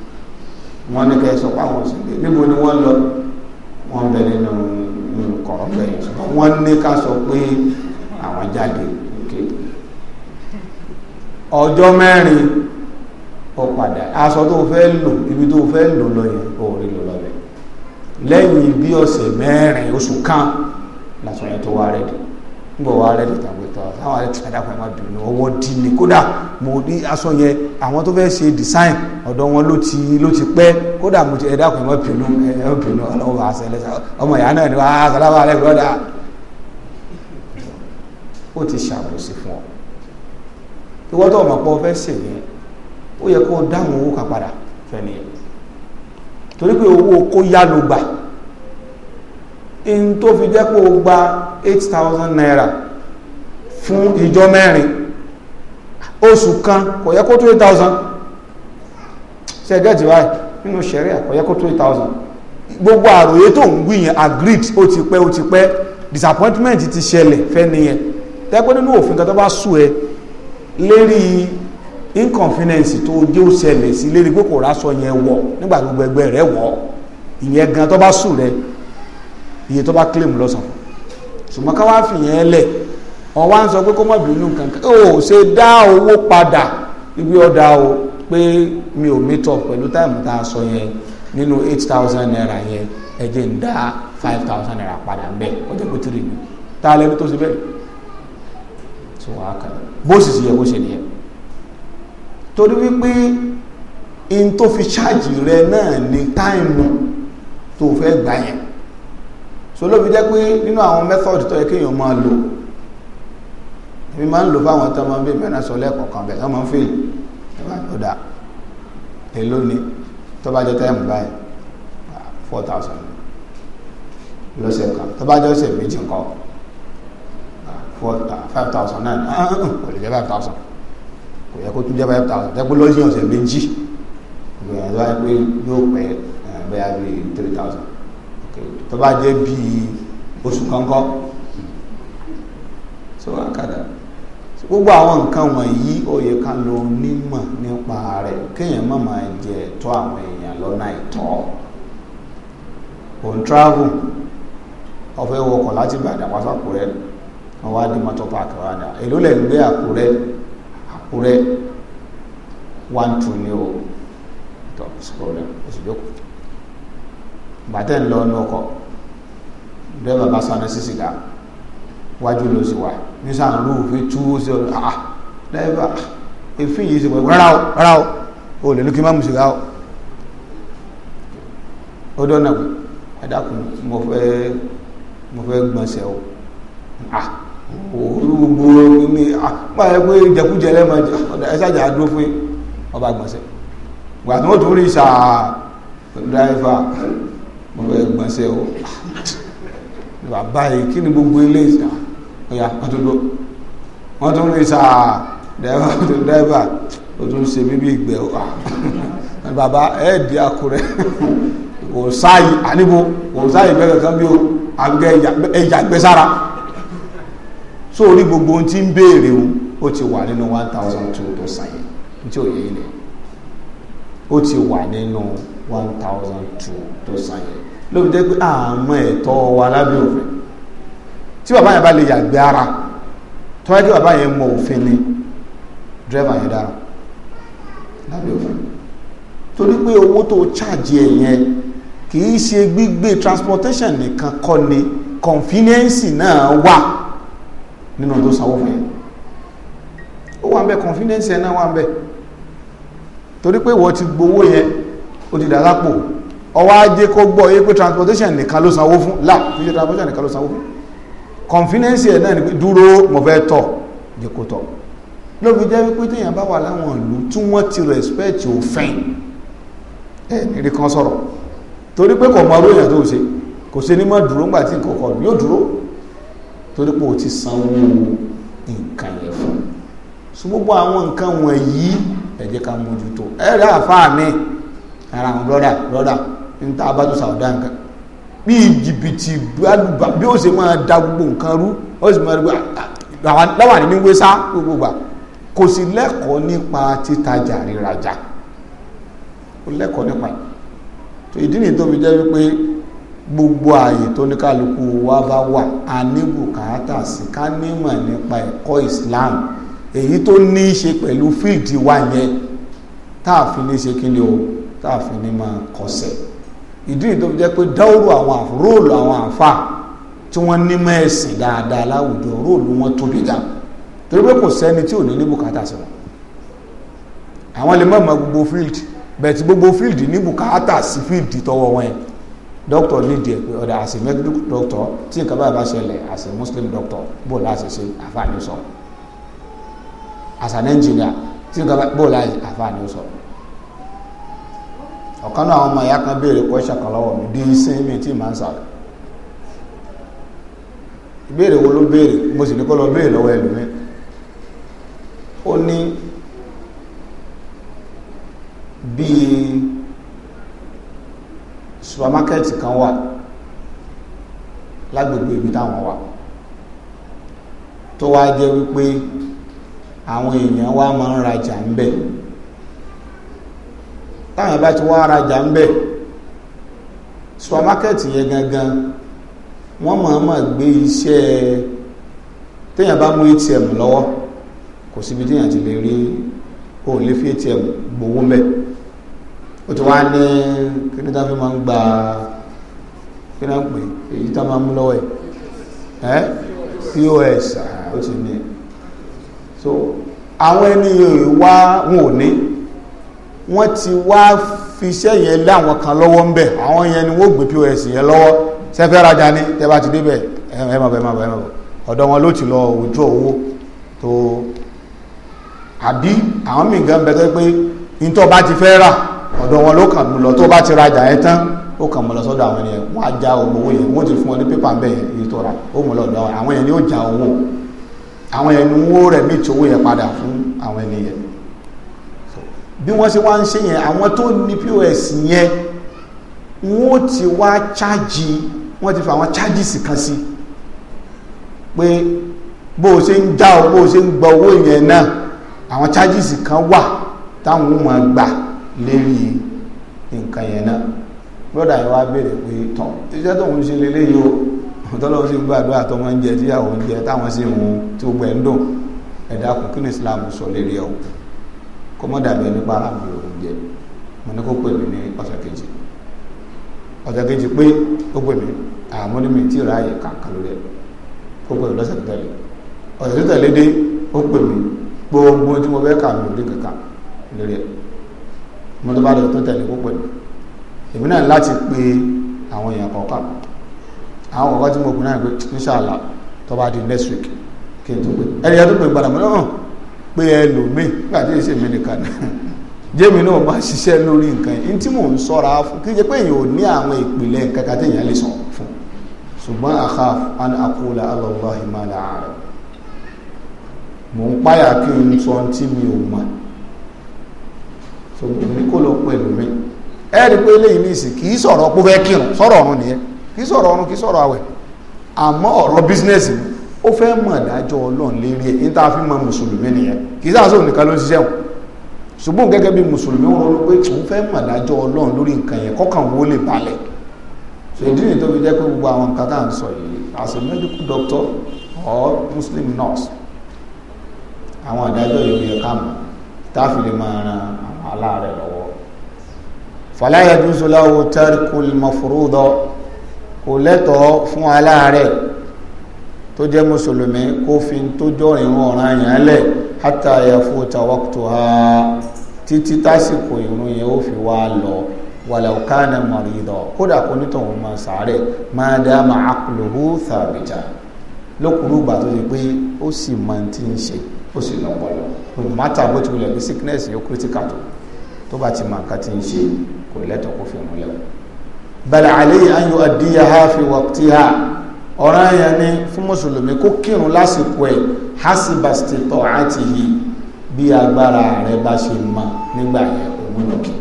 wọ́n ní kẹ́ sọ pé àwọn òṣèlú níbo ni wọ́n lọ wọ́n bẹ nínú nǹkan ọ̀bẹ ṣùgbọ́n wọ́n ní ká sọ pé àwọn jáde ọjọ́ mẹ́rin ó padà aṣọ tó fẹ́ lò ibi tó fẹ́ lò lọ yẹn ó rí lò lọ bẹ̀ lẹ́yìn bí ọ̀sẹ̀ mẹ́rin oṣù kan lásán yẹn tó wá rẹ̀ dì gbọ́ wa rẹ̀ lẹ́tà pé tọ́ àwọn àrẹ ti fẹ́ dàpọ̀ ẹ̀ma bìrì náà ọwọ́ di ni kódà mo ní aṣọ yẹn àwọn tó fẹ́ ṣe design ọ̀dọ̀ wọn ló ti ló ti pẹ́ kódà mo ti ẹ̀ dàpọ̀ ẹ̀ma bìrì náà ẹ̀ma bìrì náà ọlọ́wọ́ bá aṣẹ lẹ́sà ọmọ ìyá náà ni wà á sàlámà rẹ̀ brọ́dà ó ti ṣàbòsí fún ọ ìwọ́n tó ọmọ pọ̀ fẹ́ ṣe yẹn ó yẹ kó dáhùn owó kan padà fẹ́ nìyẹn torí pé owó kó yá ló gbà in tó fi jẹ́ gba eight thousand naira fún ìjọ mẹ́rin oṣù kan kò yẹ kó tó thousand ṣe gẹ́ẹ̀tì báyìí nínú ṣẹ̀ríà kò yẹ kó tó thousand gbogbo àròyé tó ń gbìyàn agreed ó ti pẹ́ ó ti pẹ́ disappointment ti ṣẹlẹ̀ fẹ́ nìyẹn tẹ́pẹ́ nínú òfin kan tó bá sùn ẹ lérí inconfidence tó jẹ́ ó ṣẹlẹ̀ sí lérí pé kò rásọ yẹn wọ̀ nígbà gbogbo ẹgbẹ́ rẹ̀ wọ̀ ìyẹn gan tó bá sùn rẹ̀ iye tó bá claim lọ́sàn ṣùgbọ́n ká wá fìyẹn lẹ̀ wọ́n wá ń sọ pé kó mọ̀ bínú kankan ó ṣe dá owó padà ibi ọ̀dà o pé mi ò meet up pẹ̀lú táìmù tá a sọ yẹn nínú eight thousand naira yẹn ẹ jẹ́ ń dá five thousand naira padà ń bẹ̀ ọjọ́ pé tìrì ni tá a lẹ́nu tó ṣe bẹ́ẹ̀ tó wà á kàn bó sì sì yẹ kó ṣe nìyẹn torí wípé in tó fi ṣáàjì rẹ náà ní táìmù tó fẹ́ gbà yẹn so ló fi jẹ́ pé nínú àwọn method tó yẹ kéèyàn máa lò èmi máa ń lò fáwọn tó máa ń bí mẹ́rin sọ lẹ́ẹ̀kọ̀ọ̀kan bẹ̀ tó máa ń fèèlì ẹ máa lò dá èló ni tó bá jẹ́ táìmù báyìí four thousand lọ́sẹ̀ kan tó bá jẹ́ ọ̀sẹ̀ méjì nǹkan five thousand náà ah, ah, ah, kò five thousand kò yẹ kó tún jẹ́ five thousand jẹ́ pé lọ́sẹ̀ ọ̀sẹ̀ méjì ìgbìyànjú wáyé pé yóò pẹ́ eh, bẹ́ẹ̀ bí three thousand tó bá jẹ́ bíi oṣù kankan so akada gbogbo àwọn nǹkan wọ̀nyí ó ká lọ nímọ̀ nípa rẹ̀ kéèyàn má máa jẹ ẹ̀tọ́ àwọn èèyàn lọ́nà àìtọ́ òun travel ọ̀fẹ́ wọkọ̀ láti Ìbàdàn wá wọn wá dé mọ́tò park wá èló lẹ̀ ń gbé Àkúrẹ́ Àkúrẹ́ one two ni o tó sọ̀rọ̀ rẹ̀ oṣù jókòó bàtẹ́ ń lọ ní ọkọ̀ dẹ́rẹ́bà bá sáré sí sìgá wájú ló sì wà ní sàánú òfin tú ó sí ọ̀rọ̀ àà dẹ́rẹ́bà èéfín yìí sì pẹ̀lú rárá o rárá o ò lè lókè má mu sìgá o ó dọ́nà pé ẹ mo fẹ́ mo fẹ́ gbọ̀nsẹ̀ o à ah, òru gbogbo ní à má yẹ pé jẹkújẹ lẹ́mọ̀ ẹ sájà dúró fún ọba gbọ̀nsẹ̀ gbàtún ó tún rí sàá dráìvà mo fẹ́ gbọ̀nsẹ̀ o à. Ah, bàbá yìí kí ni gbogbo ilé ìsà ọ̀yà wọ́n tó dúró wọ́n tó ń rí sáà dẹ́rẹ́bà tó dẹ́rẹ́bà ó tún ṣe bíbí ìgbẹ́ wa bàbá ẹ̀ di Àkúrẹ́ kò sáàyè àníbo kò sáàyè bẹ́ẹ̀ kankan bí o àgbẹ̀ ẹ̀yà gbẹ́sára sórí gbogbo ohun tí ń béèrè o ó ti wà nínú one thousand two tó sáyé tí ò yé ilẹ̀ ó ti wà nínú one thousand two tó sáyé ló fi jẹ́ pé àmọ́ ah, ẹ̀tọ́ wa lábẹ́ òfin tí bàbá yẹn bá lè yàgbé ara tó wáyé kí bàbá yẹn mọ òfin ni dírẹ́fà yẹn dára lábẹ́ òfin torí pé owó tó chájì ẹ̀ yẹn kì í ṣe gbígbé transportation nìkan kọ́ ni convenience náà wà nínú tó sanwó fún yẹn ó wà ń bẹ convenience yẹn náà wà ń bẹ torí pé ìwọ ti gbowó yẹn ó ti dà lápò ọwọ́ ajé kó gbọ́ yé pé transportation nìkan ló sanwó fún là kí ṣe transportation nìkan ló sanwó fún convenience ẹ̀ náà ni pé dúró mo fẹ́ tọ̀ jẹ́ kó tọ̀ ló fi jẹ́ wípé téèyàn bá wà láwọn ìlú tí wọ́n ti respect òfin ẹ̀ nírí kan sọ̀rọ̀ torí pé kò mọ ọdún èèyàn tó ṣe kò ṣe ní mọ́ dúró ńgbà tí nǹkan kọ̀ yóò dúró torí pé o ti sanwó nǹkan yẹn fún so gbogbo àwọn nǹkan wọ̀nyí ẹ jẹ́ ká mójútó ẹ̀rẹ́ àfáà mi ara àwọn brọ́dà brọ́dà níta abájú sàwọ́dá nǹkan bí jìbìtì gbálùbà bí ó ṣe máa da gbogbo nǹkan rú ó sì máa gbà ah, ah, láwà ní wé sá gbogbo gbà kò sí lẹ́kọ̀ọ́ nípa títajà rírajà kò lẹ́kọ̀ọ́ nípa ìdí nìyí tó fi jẹ́ wípé gbogbo ààyè tó ní kálukú wa bá wà a ní bùkátà sí ká nímọ̀ nípa ẹ̀kọ́ Islam èyí tó ní í ṣe pẹ̀lú fíìdì wa yẹn táàfin ní ṣe kí ni o táàfin ní máa kọsẹ̀ ìdí nìyí tó fi jẹ́ pé dáwòrò àwọn róòlù àwọn àfa tí wọ́n ní mẹ́ẹ̀sìn dáadáa láwùjọ róòlù wọn tóbi gan torí pé kò sẹ́ni tí ò ní ní bùkátà sí wọn àwọn lè mọ̀mọ́ gbogbo field bẹ̀tì gbogbo field ní bùkátà sí field tọwọ́ wọn yẹn dókítà nídìí ẹ̀ pé ọ̀dà àṣẹ mẹ́tò dókítà tí nǹkan báyìí bá ṣẹlẹ̀ àṣẹ muslim dókítà bó láṣẹ ṣe àfààní sọ àṣà nàìjíríà tí nǹkan báyìí bó láṣẹ àfààní sọ ọ̀kan náà ọmọ ìyá kan béèrè question kan lọ́wọ́ mi di iṣẹ́ mi tí màá ń ìbéèrè wo ló béèrè mo sì ní kó lọ béèrè lọ́wọ́ ẹlòmíì ó ní bíi supamakẹ́ẹ̀tì kan wà lágbègbè ibi táwọn wà tó jẹ́ wípé àwọn èèyàn wa máa ń rajà táwọn bá ti wá arajà ń bẹ̀ supermarket yẹn gangan wọ́n mọ̀ọ́mọ̀ gbé iṣẹ́ téèyàn bá mú atm lọ́wọ́ kò síbi téèyàn ti lè rí o lè fi atm gbowó mẹ́ o ti wá ní kí ni táwọn fi máa ń gba kí ni pè èyí tá máa mú lọ́wọ́ ẹ̀ pos ó ti ní so àwọn ẹni yìí wá wọn ò ní wọ́n ti wá fiṣẹ́ yẹn lé àwọn kan lọ́wọ́ ń bẹ̀ àwọn yẹn ni wọ́n gbé pọ́s yẹn lọ́wọ́ sẹ́fẹ́ rajà ní tẹ́ bá ti débẹ̀ ẹ má bọ̀ ẹ má bọ̀ ẹ má bọ̀ ọ̀dọ̀ wọn ló ti lọ òjò owó tó àbí àwọn míì gan bẹ tó pé nítorí bá ti fẹ́ rà ọ̀dọ̀ wọn ló kàn mú lọ tó bá ti rajà yẹn tán ó kàn mú lọ sọ́dọ̀ àwọn yẹn wọ́n á já owó yẹn wọ́n ti fún wọn ní pépà ń bẹ̀ tó ra ó mú lọ́dọ̀ àwọn yẹn ni ó já owó àwọn yẹn ni wọ́n rẹ̀ mí bí wọ́n ṣe wá ń ṣe yẹn àwọn tó ní pos yẹn wọ́n ti wá chájì wọ́n ti fa àwọn chájìsì kan sí pé bó o ṣe ń já o bó o ṣe ń gba owó yẹn náà àwọn chájìsì kan wà táwọn máa gbà lérí nǹkan yẹn náà brọ́dà yẹn wá béèrè pé tán iṣẹ́ tó ń ṣe lélẹ́yìí o tọ́lọ́wọ́ sí gbàdúrà tó máa tíyàwó ń táwọn sì ń tí gbogbo ẹ̀ ń dùn ẹ̀dá kò kí ni Islam sọ lérí ẹ̀ kó mọ́ dàbí ẹni pa aráàlú òun jẹ mo ní kó pè mí ní ọ̀sẹ̀ kejì ọ̀sẹ̀ kejì pé ó pè mí àmọ́ ní mi tí ì ráàyè kàǹkà lórí ẹ̀ kó pè mí lọ́sẹ̀ tó tẹ̀lé ọ̀sẹ̀ tó tẹ̀lé dé ó pè mí gbogbo tí mo fẹ́ kà mí lórí kankan lórí ẹ̀ mo tó bá lọ tó tẹ̀lé kó pè mí èmi náà láti pe àwọn èèyàn kọ̀ọ̀kan àwọn kọ̀ọ̀kan tí mo pè náà pé inṣàlá tó bá di next week kí n tó pè ẹ̀yà tó pè gbàdàmọ́ náà pé ẹlòmíì gbàdé ìṣe mi nìkan náà jẹ́mi náà ṣiṣẹ́ lórí nǹkan yìí tí mò ń sọ́ra fún kí jẹ́ pé èèyàn ò ní àwọn ìpìlẹ̀ kankan tí èèyàn lè sọ fún ṣùgbọ́n akhaf an aqula ma mò ń páyà kí n sọ tí mi ò mọ̀ ṣùgbọ́n mi ẹ rí pé ní ìsìn kì í sọ̀rọ̀ kírun sọ̀rọ̀ ọ̀run nìyẹn kì í sọ̀rọ̀ ọ̀run kì í sọ̀rọ̀ ó fẹ́ mọ̀ dájọ́ ọlọ́run lérí ẹ̀ níta fi mọ mùsùlùmí nìyẹn kì í sáàsó nìkan ló ń ṣiṣẹ́ wọn ṣùgbọ́n gẹ́gẹ́ bí mùsùlùmí wọn rọ pé òun fẹ́ mọ̀ dájọ́ ọlọ́run lórí nǹkan yẹn kọ́kàn wo lè balẹ̀ ìdí nìyí tó fi jẹ́ pé gbogbo àwọn nǹkan tá à ń sọ yìí as a medical doctor or muslim nurse àwọn àdájọ́ yìí yẹ ká mọ̀ tá a fi lè máa ran àwọn aláàárẹ̀ lọ́wọ́ fala yajuzu lahu tarkul mafruda kò lẹ́tọ̀ọ́ fún aláàárẹ̀ tó jẹ́ mùsùlùmí kó fi tó jọrin ọ̀ràn yẹn lẹ̀ hatta yafuta waqtuha títí tásìkò ìrun yẹn ó fi wá lọ walau kana marida kódà kó nítorí máa sàárẹ̀ máa dá máa aqluhu thabita lókùnrin ìgbà tó ṣe pé ó sì máa ti ń ṣe ó sì lọ́pọ̀ lọ kò mátà bó ti wulẹ̀ bí sickness yóò critical tó tó bá ti máa ka ti ń ṣe kò lẹ́tọ̀ọ́ kó fi mú lẹ́wọ̀. bal alayhi an yu'addiyaha fi waqtiha ọ̀ràn yẹn ni fún mùsùlùmí kó kírun lásìkò ẹ̀ hasibastitọ̀ àti yìí bí agbára rẹ̀ bá ṣe mọ̀ nígbà yẹn òun lòkè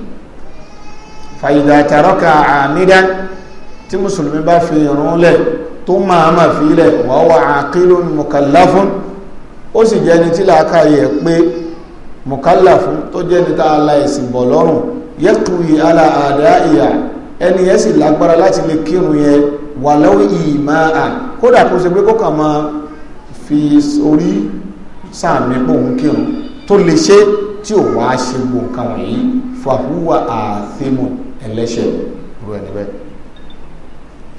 fàyìdà àtàrọ́kà àmìdá tí mùsùlùmí bá fi irun lẹ̀ tó máa ma fi lẹ̀ wàá wà àkílùn mùkàláfún ó sì jẹ́ tí làákàyè ẹ̀ pé mùkálàfún tó jẹ́ ní tàà la ẹ̀sìn bọ̀ lọ́rùn yẹ́kùyì ala àdá ìyà ẹni yẹ́ sì lágbára láti lè kírun yẹn wàlọ́wọ́ ìmọ̀ à kódà kó ṣe pé kó kàn máa fi orí sàmì pòun kírun tó lè ṣe tí ò wá ṣe gbò nǹkan wọ̀nyí fàhùwà àfẹ́mọ̀ ẹlẹ́ṣẹ̀ ìlú ẹni bẹ́ẹ̀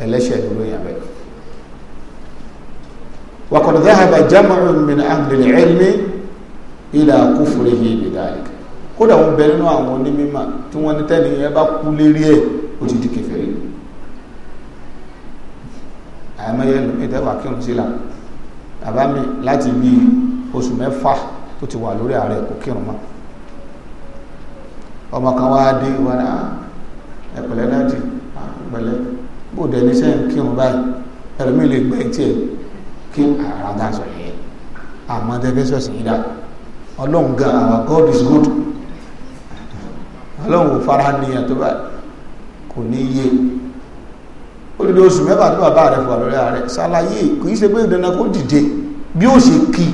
ẹlẹ́ṣẹ̀ ìlú ẹni bẹ́ẹ̀. وقد ذهب جمع من أهل العلم إلى كفره بذلك kódà wọn bẹ nínú àwọn onímọ̀ tí wọ́n ní tẹ́lẹ̀ yẹn bá kú lérí ẹ̀ ó ti àyàmẹ́yẹ lómi ìtẹ́wà kí òun sí là bàbá mi láti bí oṣù mẹ́fà tó ti wà lórí ààrẹ kò kírun mọ́ ọmọ kan wá dé wá ní ẹ̀pẹ̀lẹ́ dájì ẹ̀pẹ̀lẹ́ bóde ní sẹ́yìn kírun báyìí ẹlòmíì lè gbẹ́ tiẹ̀ kí àràdà sọ yẹn àmọ́ tẹ́fẹ́ sọ̀sì yìí dá ọlọ́run gan our God is good ọlọ́run ò fara níyàn tó báyìí kò ní yé ó dúdú oṣù mẹ́fà tó bàbá rẹ̀ fà lórí ààrẹ ṣàlàyé kò í ṣe pé dandan kó dìde bí ó ṣe kí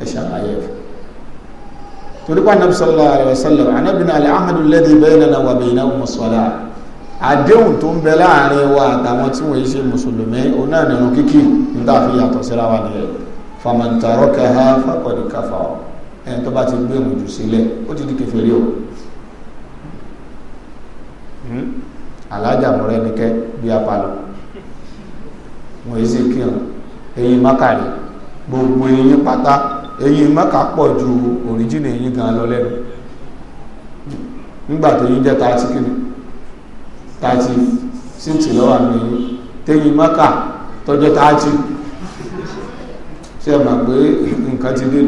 ẹ ṣàlàyé ẹ torí pa anabi sallallahu alayhi wa sallam anabi na alẹ́ ahmadu alladhi baynana wa baynahum as-salah àdéhùn tó ń bẹ láàrin wa àtàwọn tí wọ́n ṣe mùsùlùmí òun náà nínú kíkì nígbà fi yàtọ̀ síra wa nìyẹn faman tarakaha faqad kafara ẹni tó bá ti gbé ìmùjù sílẹ̀ ó ti di kèfèrí o. Hmm? alájà mọ̀rẹ́ nìkẹ́ bí apalọ̀ wọ́n yìí sì eyín mọ́kàrí gbogbo eyín pátá eyín mọ́kà pọ̀ ju òríjìnà eyín gan lọ lẹ́nu nígbàtí tó jẹ́ tààtì kìnnì tààtì síntì lọ́wọ́ àmì eyín téyín mọ́kà tọ́jọ́ tààtì ṣe pé nǹkan ti dé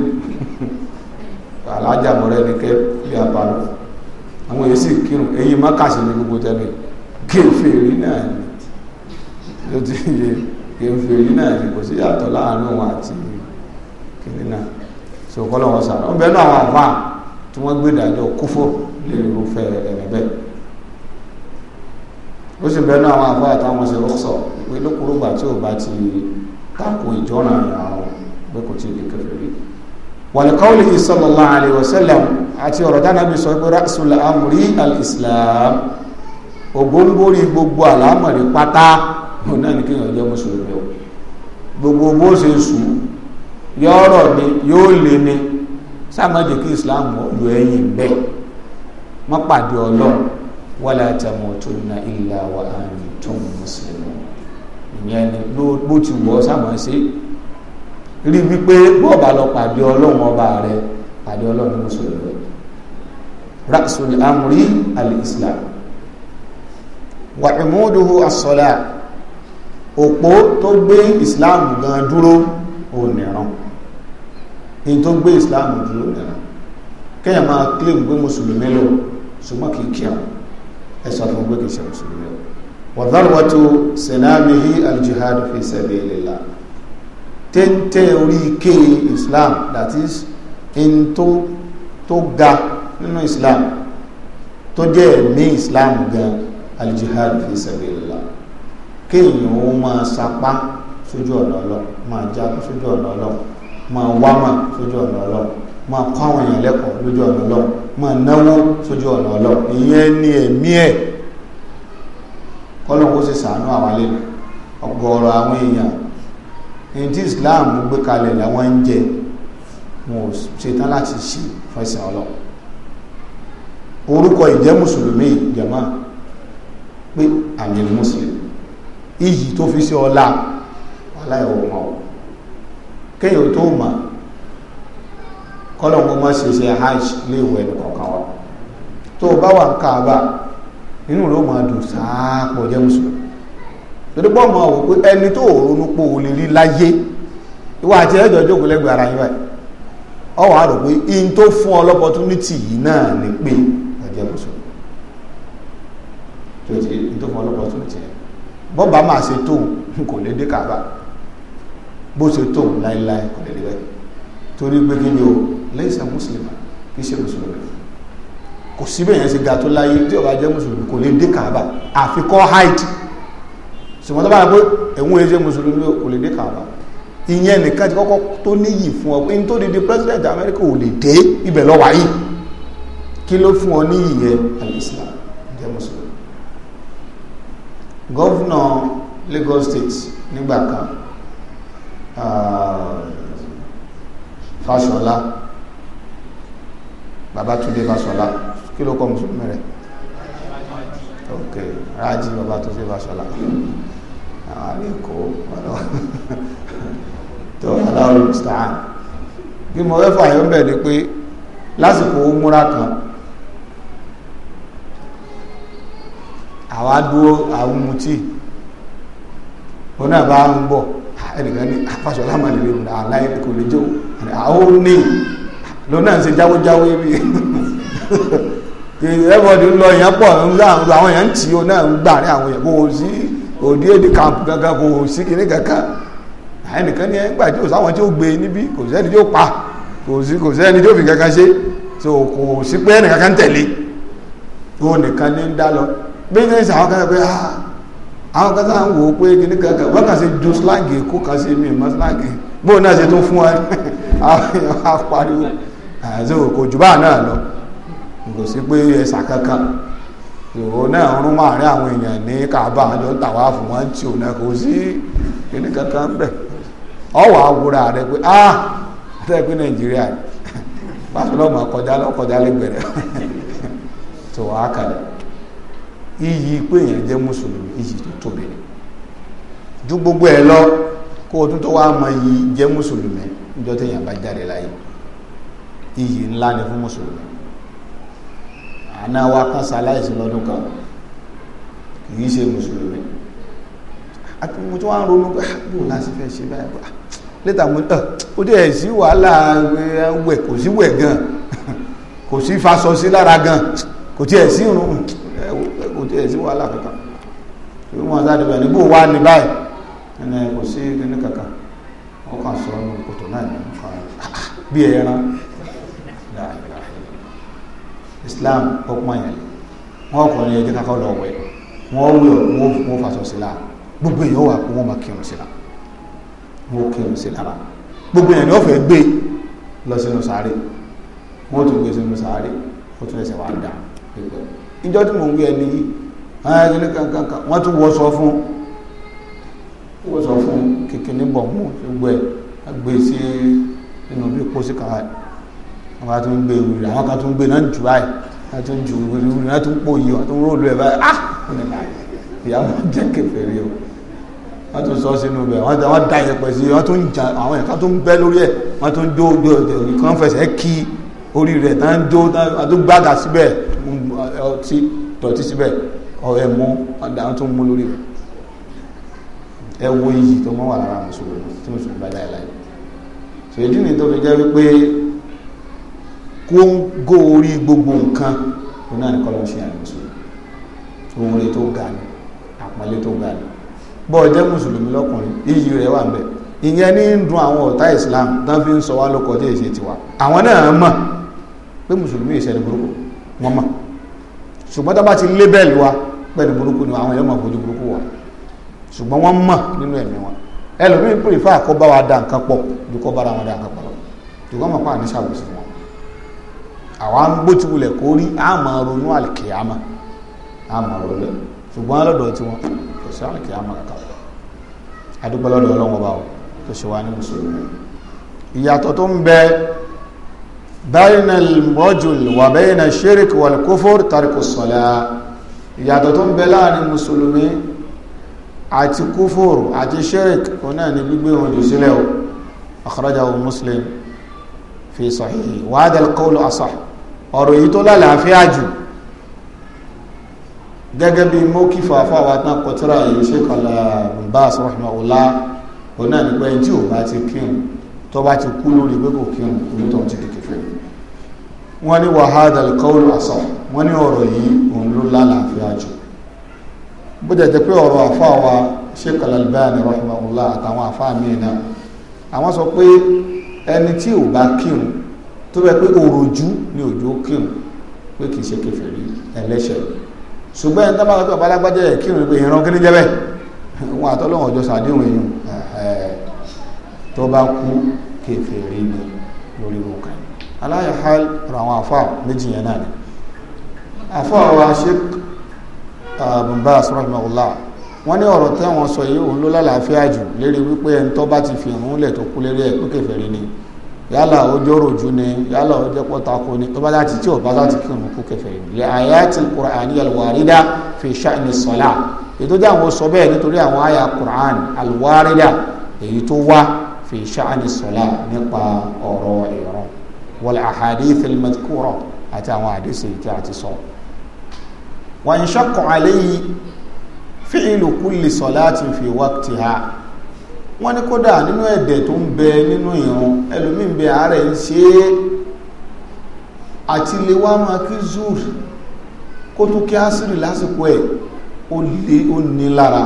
alájà mọ̀rẹ́ nìkẹ́ bí àwọn kèfèrí náà ni ló ti yẹ kèfèrí náà ni kò sí yàtọ̀ láàrin òun àti kìnní náà so kọ́lọ̀ wọn sàrọ̀ ọbẹ̀ náà àwọn àfáà tí wọ́n gbé ìdájọ́ kúfò lè rúfẹ́ ẹ̀rẹ̀ bẹ́ẹ̀ ó sì bẹ́ẹ̀ náà àwọn àfáà táwọn ṣe rọ́ọ̀sọ̀ pé lókùrúgbà tí ò bá ti tako ìjọ́ra àwọn pé kò tí ì lè kèfèrí wàlùkọ́wùlì sallallahu alaihi wasallam àti ọ̀rọ̀ dáná bí sọ pé rásùlù amúrí al-islam ògbóngbórí gbogbo àlámọ̀rí pátá òun náà ní kí èèyàn jẹ́ mùsùlùmí o gbogbo bó ṣe sùn yọ̀ọ̀rọ̀ ni yóò lé ni sáàmọ́jì kí islam lu ẹ̀yìn bẹ́ẹ̀ mọ́ pàdé ọlọ́run na tamutunna illa wa antum muslimun ìyẹn ni bó ti wọ́ sáàmọ́ ṣe rí wípé bó bá lọ pàdé ọlọ́run ọba rẹ pàdé ọlọ́run mùsùlùmí rasul amri al-islam wà ìmúdùhù àsọ̀lá òpó tó gbé islam gan dúró òmìrán èyí tó gbé islam dúró òmìrán kẹ́yà máa claim gbé mùsùlùmí lọ ṣùgbọ́n kìí kí àwọn ẹ̀sọ́ fún gbé kìí ṣe mùsùlùmí lọ wàdárùwàtò sinamihi aljihad fi sabilillah téńté orí ike islam that is in tó tó ga nínú islam tó jẹ́ ẹ̀mí islam gan alijihad fi sabilillah kéèyàn ó máa sapá sójú ọ̀nà ọlọ́run máa jagun sójú ọ̀nà ọlọ́run máa wámà sójú ọ̀nà ọlọ́run máa kọ́ àwọn èèyàn lẹ́kọ̀ọ́ lójú ọ̀nà ọlọ́run máa náwó sójú ọ̀nà ọlọ́run ìyẹn ni ẹ̀mí ẹ̀ kọ́lọ́hún ó sì sàánú àwọn alẹ́ ọ̀gọ̀ọ̀rọ̀ àwọn èèyàn ní tí Islam gbé kalẹ̀ làwọn ń jẹ wọn ò ṣetán láti ṣe fẹsẹ̀ ọlọ́run orúkọ ìjẹ́ mùsùlùmí jàmáà pé àmì muslim iyì tó fi sí ọlá ọlá ẹ̀wọ̀ mọ̀ tó mà, má ṣe ṣe hajj léwu ẹni kọ̀ọ̀kan wa tó bá wà ń Kaaba inú ló máa dùn wò pé ẹni tó ronú pò láyé Ìwà àti ẹjọ jókòó lẹ́gbẹ̀ẹ́ ara yín báyìí pé in tó fún ọ fún ọlọ́pọ̀ tó tiẹ̀ bọ́ba máa ṣe tóun kò lè dé kàbà bó ṣe tóun láéláé kò lè dé bẹ́ẹ̀ torí pé kí ni o lẹ́yìn mùsùlùmí kì í ṣe mùsùlùmí kò síbẹ̀ yẹn ṣe ga tó láyé tí ó bá jẹ́ mùsùlùmí kò lè dé kàbà àfikọ́ height ṣùgbọ́n tó bá yẹ pé ẹ̀wọ̀n ẹ̀ṣẹ̀ mùsùlùmí kò lè dé kàbà ìyẹn nìkan ti kọ́kọ́ tó níyì fún ọ ní tó di di president America ò lè dé ibẹ̀ lọ́wọ́ yìí kí ló fún ọ níyì yẹn al-Islam jẹ́ mùsùlùmí gọ́vnà Lagos State nígbà kan uh, Fáṣọlá Babátúndé Fáṣọlá kí ló kọ mùsùlùmí rẹ̀ ok Rájí Babátúndé Fáṣọlá àwọn àlékò ọ̀rọ̀ tó aláwọ̀ ìmùsùlùmí bí mo fẹ́ fà yọ́ bẹ̀ ni pé lásìkò ó múra kan àwa dúró àwọn mutí òun náà bá ń bọ̀ ẹnìkan ní afásọlá màlẹ́lẹ́ òun àláyé kò lè jó àwọn ní lòun náà ń ṣe jáwéjáwé bí everybody ń lọ èèyàn pọ̀ ń gbà àwọn èèyàn ń tì ó náà ń gbà ní àwọn èèyàn kò sí òdi èdè kàmpù kankan kò sí kinní kankan ẹnìkan ní ẹgbà tí kò sáwọn tí ó gbé níbí kò sẹ́ni tí ó pa kò sí kò sẹ́ni tí ó fi kankan ṣe so kò sí pé ẹnìkan kan tẹ̀lé ó nìkan ní ń dá lọ business àwọn kan pé ah àwọn kan sáà ń wò ó pé kíní kankan wọ́n kàn sí ju slag kó kàn sí mi mọ́ slag bóun náà ṣe tún fún wa àwọn èèyàn á pariwo àti kò jù báà náà lọ kò sí pé ẹ̀sà kankan ìwò náà ń rún máàrin àwọn èèyàn ní káàbà àjọ ń tàwa fún wọn tí ò náà kò sí kíní kankan ń bẹ̀ ọwọ́ àwòrán rẹ pé ah àtẹ́rẹ́ pé nàìjíríà pásítọ̀ lọ́mọ kọjá lọ́kọjá lẹ́gbẹ̀rẹ̀ tó wàá kalẹ̀ iyì pé èèyàn jẹ́ mùsùlùmí iyì tó tóbi ni ju gbogbo ẹ̀ lọ kó o tún tó wá mọ iyì jẹ́ mùsùlùmí níjọ́ téèyàn bá jáde láyé iyì ńlá ni fún mùsùlùmí àná wa kan ṣaláìsí lọ́dún kan kì í ṣe mùsùlùmí àti mo tún wá ń ronú pé ah, bó láti fẹ́ ṣe báyìí bá ah, létà mo tàn ah, ó dẹ̀ sí wàhálà eh, wẹ̀ kò sí wẹ̀ gan kò sí fasọ sí lára gan kò tiẹ̀ sí irun kò tí ẹ̀ sí wàhálà kankan ìwé wọn sáré bẹ̀rẹ̀ níbo wà ní báyìí ẹnì kò sí kíní kankan wọn kàn sọ ọ́nà kòtò náà ní nǹkan bí ẹran Islam ọpọn yẹn wọn kọ ní ẹjẹ kakọ lọ wẹ wọn wí ọ wọn fasọ sí la gbogbo èèyàn wà kó wọn máa kírun sí la wọn kírun sí lára gbogbo èèyàn ni wọn fẹẹ gbé lọ sínú sáré wọn tún gbé sínú sáré wọn tún ẹsẹ wàá dà pípẹ́ ìjọ tí mò ń wí ẹni yìí ẹni ní kankankan wọ́n tún wọ́sọ fún wọ́sọ fún kékeré bọ̀ mú gbogbo ẹ̀ agbè e sí inú bí kó sí kàwá àwọn àti ń gbé ìwúrí àwọn kan tún gbé e, náà jù báyìí wọ́n tún jù ìwúrí náà tún pò yìí wọ́n tún róòlù ẹ̀ báyìí ah ìyá wọn jẹ́ kẹfẹ́rí o wọ́n tún sọ sínú bẹ̀ wọ́n wọ́n da ìyẹ̀pẹ̀ sí wọ́n tún jà àwọn ẹ̀ka tún bẹ́ lórí ẹ̀ wọ́n tún jó ojú ẹ̀ kàn fẹsẹ̀ kí orí rẹ̀ tán jó tán àtúgbàgà síbẹ̀ ọtí dọ̀tí síbẹ̀ ọ̀rẹ́ mú ọ̀dà tó ń mú lórí rẹ̀ ẹ wo iyì tó mọ́ wà lára mùsùlùmí tí mùsùlùmí bá dáyà láyé so ìdí ni tó fi jẹ́ wípé kóńgó orí gbogbo nǹkan òun náà ní kọ́lọ́ ṣe àrùn mùsùlùmí ohun rẹ̀ tó ga ni àpọ́nlé tó ga ni bọ́ọ̀ jẹ́ mùsùlùmí lọ́kùnrin iyì rẹ̀ wà ń ìyẹn ní ń dun àwọn ọ̀tá Islam tán fi ń sọ wá lókọjá ìṣe tiwa àwọn náà mọ̀ pé mùsùlùmí ìṣẹ̀lẹ̀ burúkú wọ́n mọ̀ ṣùgbọ́n tó bá ti lébẹ̀lì wa pẹ̀lú burúkú ni àwọn ẹlẹ́mọ̀ fojú burúkú wa ṣùgbọ́n wọ́n mọ̀ nínú ẹ̀mí wọn ẹlòmíì pèrífà kó bá wa da nǹkan pọ̀ ju kó bára wọn da nǹkan pọ̀ lọ ṣùgbọ́n mọ̀ pa àní ṣàwòsí wọn àwa ń gbó tibulẹ̀ kó rí àmọ́ ronú àlìkìyàmà àmọ́ ronú ṣùgbọ́n lọ́dọ̀ tí wọn kò sí àlìkìyàmà kankan adúgbò lọ́dọ̀ ọlọ́wọ́n bá wọn tó ṣe wá ní mùsùlùmí ìyàtọ̀ tó ń bẹ bayna al-rajul wa bayna ash-shirk wal-kufr tarku as-salah ìyàtọ̀ tó ń bẹ láàrin mùsùlùmí àti kúfòrò àti shirk òun náà ni gbígbé wọn jù sílẹ̀ o akhrajahu muslim fi sahihi wa hadha al-qawlu asah ọ̀rọ̀ yìí tó lálàáfíà jù gẹ́gẹ́ bí mọ́kí fàáfà wa tán kọtíra yìí Sheikh Al-Albani rahimahullah òun náà nípa ẹni tí ò bá ti kírun tó ti kú lórí pé kò kírun onítọ̀ ti di wọ́n ní wàhádà alkaul asọ wọ́n ní ọ̀rọ̀ yìí òun ló lálàáfíà jù bó jẹ́ jẹ́ pé ọ̀rọ̀ àfáà wa Sheikh Al-Albani rahimahullah àtàwọn àfáà míì náà àwọn sọ pé ẹni tí ò bá kírun tó bẹ pé òròjú ni òjò kírun pé kì í ṣe kèfèrí ẹlẹ́ṣẹ̀ ṣùgbọ́n ẹni tó bá kírun pé ìran kí ní jẹ́ bẹ́ẹ̀ wọn àtọ́lọ́wọ̀n ọjọ́ sàdéhùn aláyọ̀hál ra àwọn àfà méjì yẹn náà ni àfà wa sheik bùnbà sọ́rọ̀mọ́lá wọ́n ní ọ̀rọ̀ tẹ́wọ̀n sọ yìí òun ló lálàáfíà jù lérí wípé ẹni tó bá ti fi hàn lẹ̀ tó kú lérí ẹ̀ pé kèfèrí ni yálà ó jọrò jù ni yálà ó jẹ́ pọ́tako ni tó bá láti tí ò bá láti kí òun kú kèfèrí ni ayatil qur'ani alwarida fi sha'ni salah ètò jẹ́ àwọn sọ bẹ́ẹ̀ nítorí àwọn àyà qur'an alwarida èyí tó wá fi sha'ni salah nípa ọ̀rọ̀ ìrun wal المذكورة al madhkura àti àwọn àdísì فعل كل صلاة في وقتها inshaqqu alayhi fi'lu kulli salatin fi waqtiha wọ́n ní kódà nínú ẹ̀dẹ̀ tó ń bẹ nínú ìrun ẹlòmíín bẹ àárẹ̀ ń ṣe é àti lè wá máa kí zuur kó tó kí ásírì lásìkò ẹ̀ ó lé ó ní lára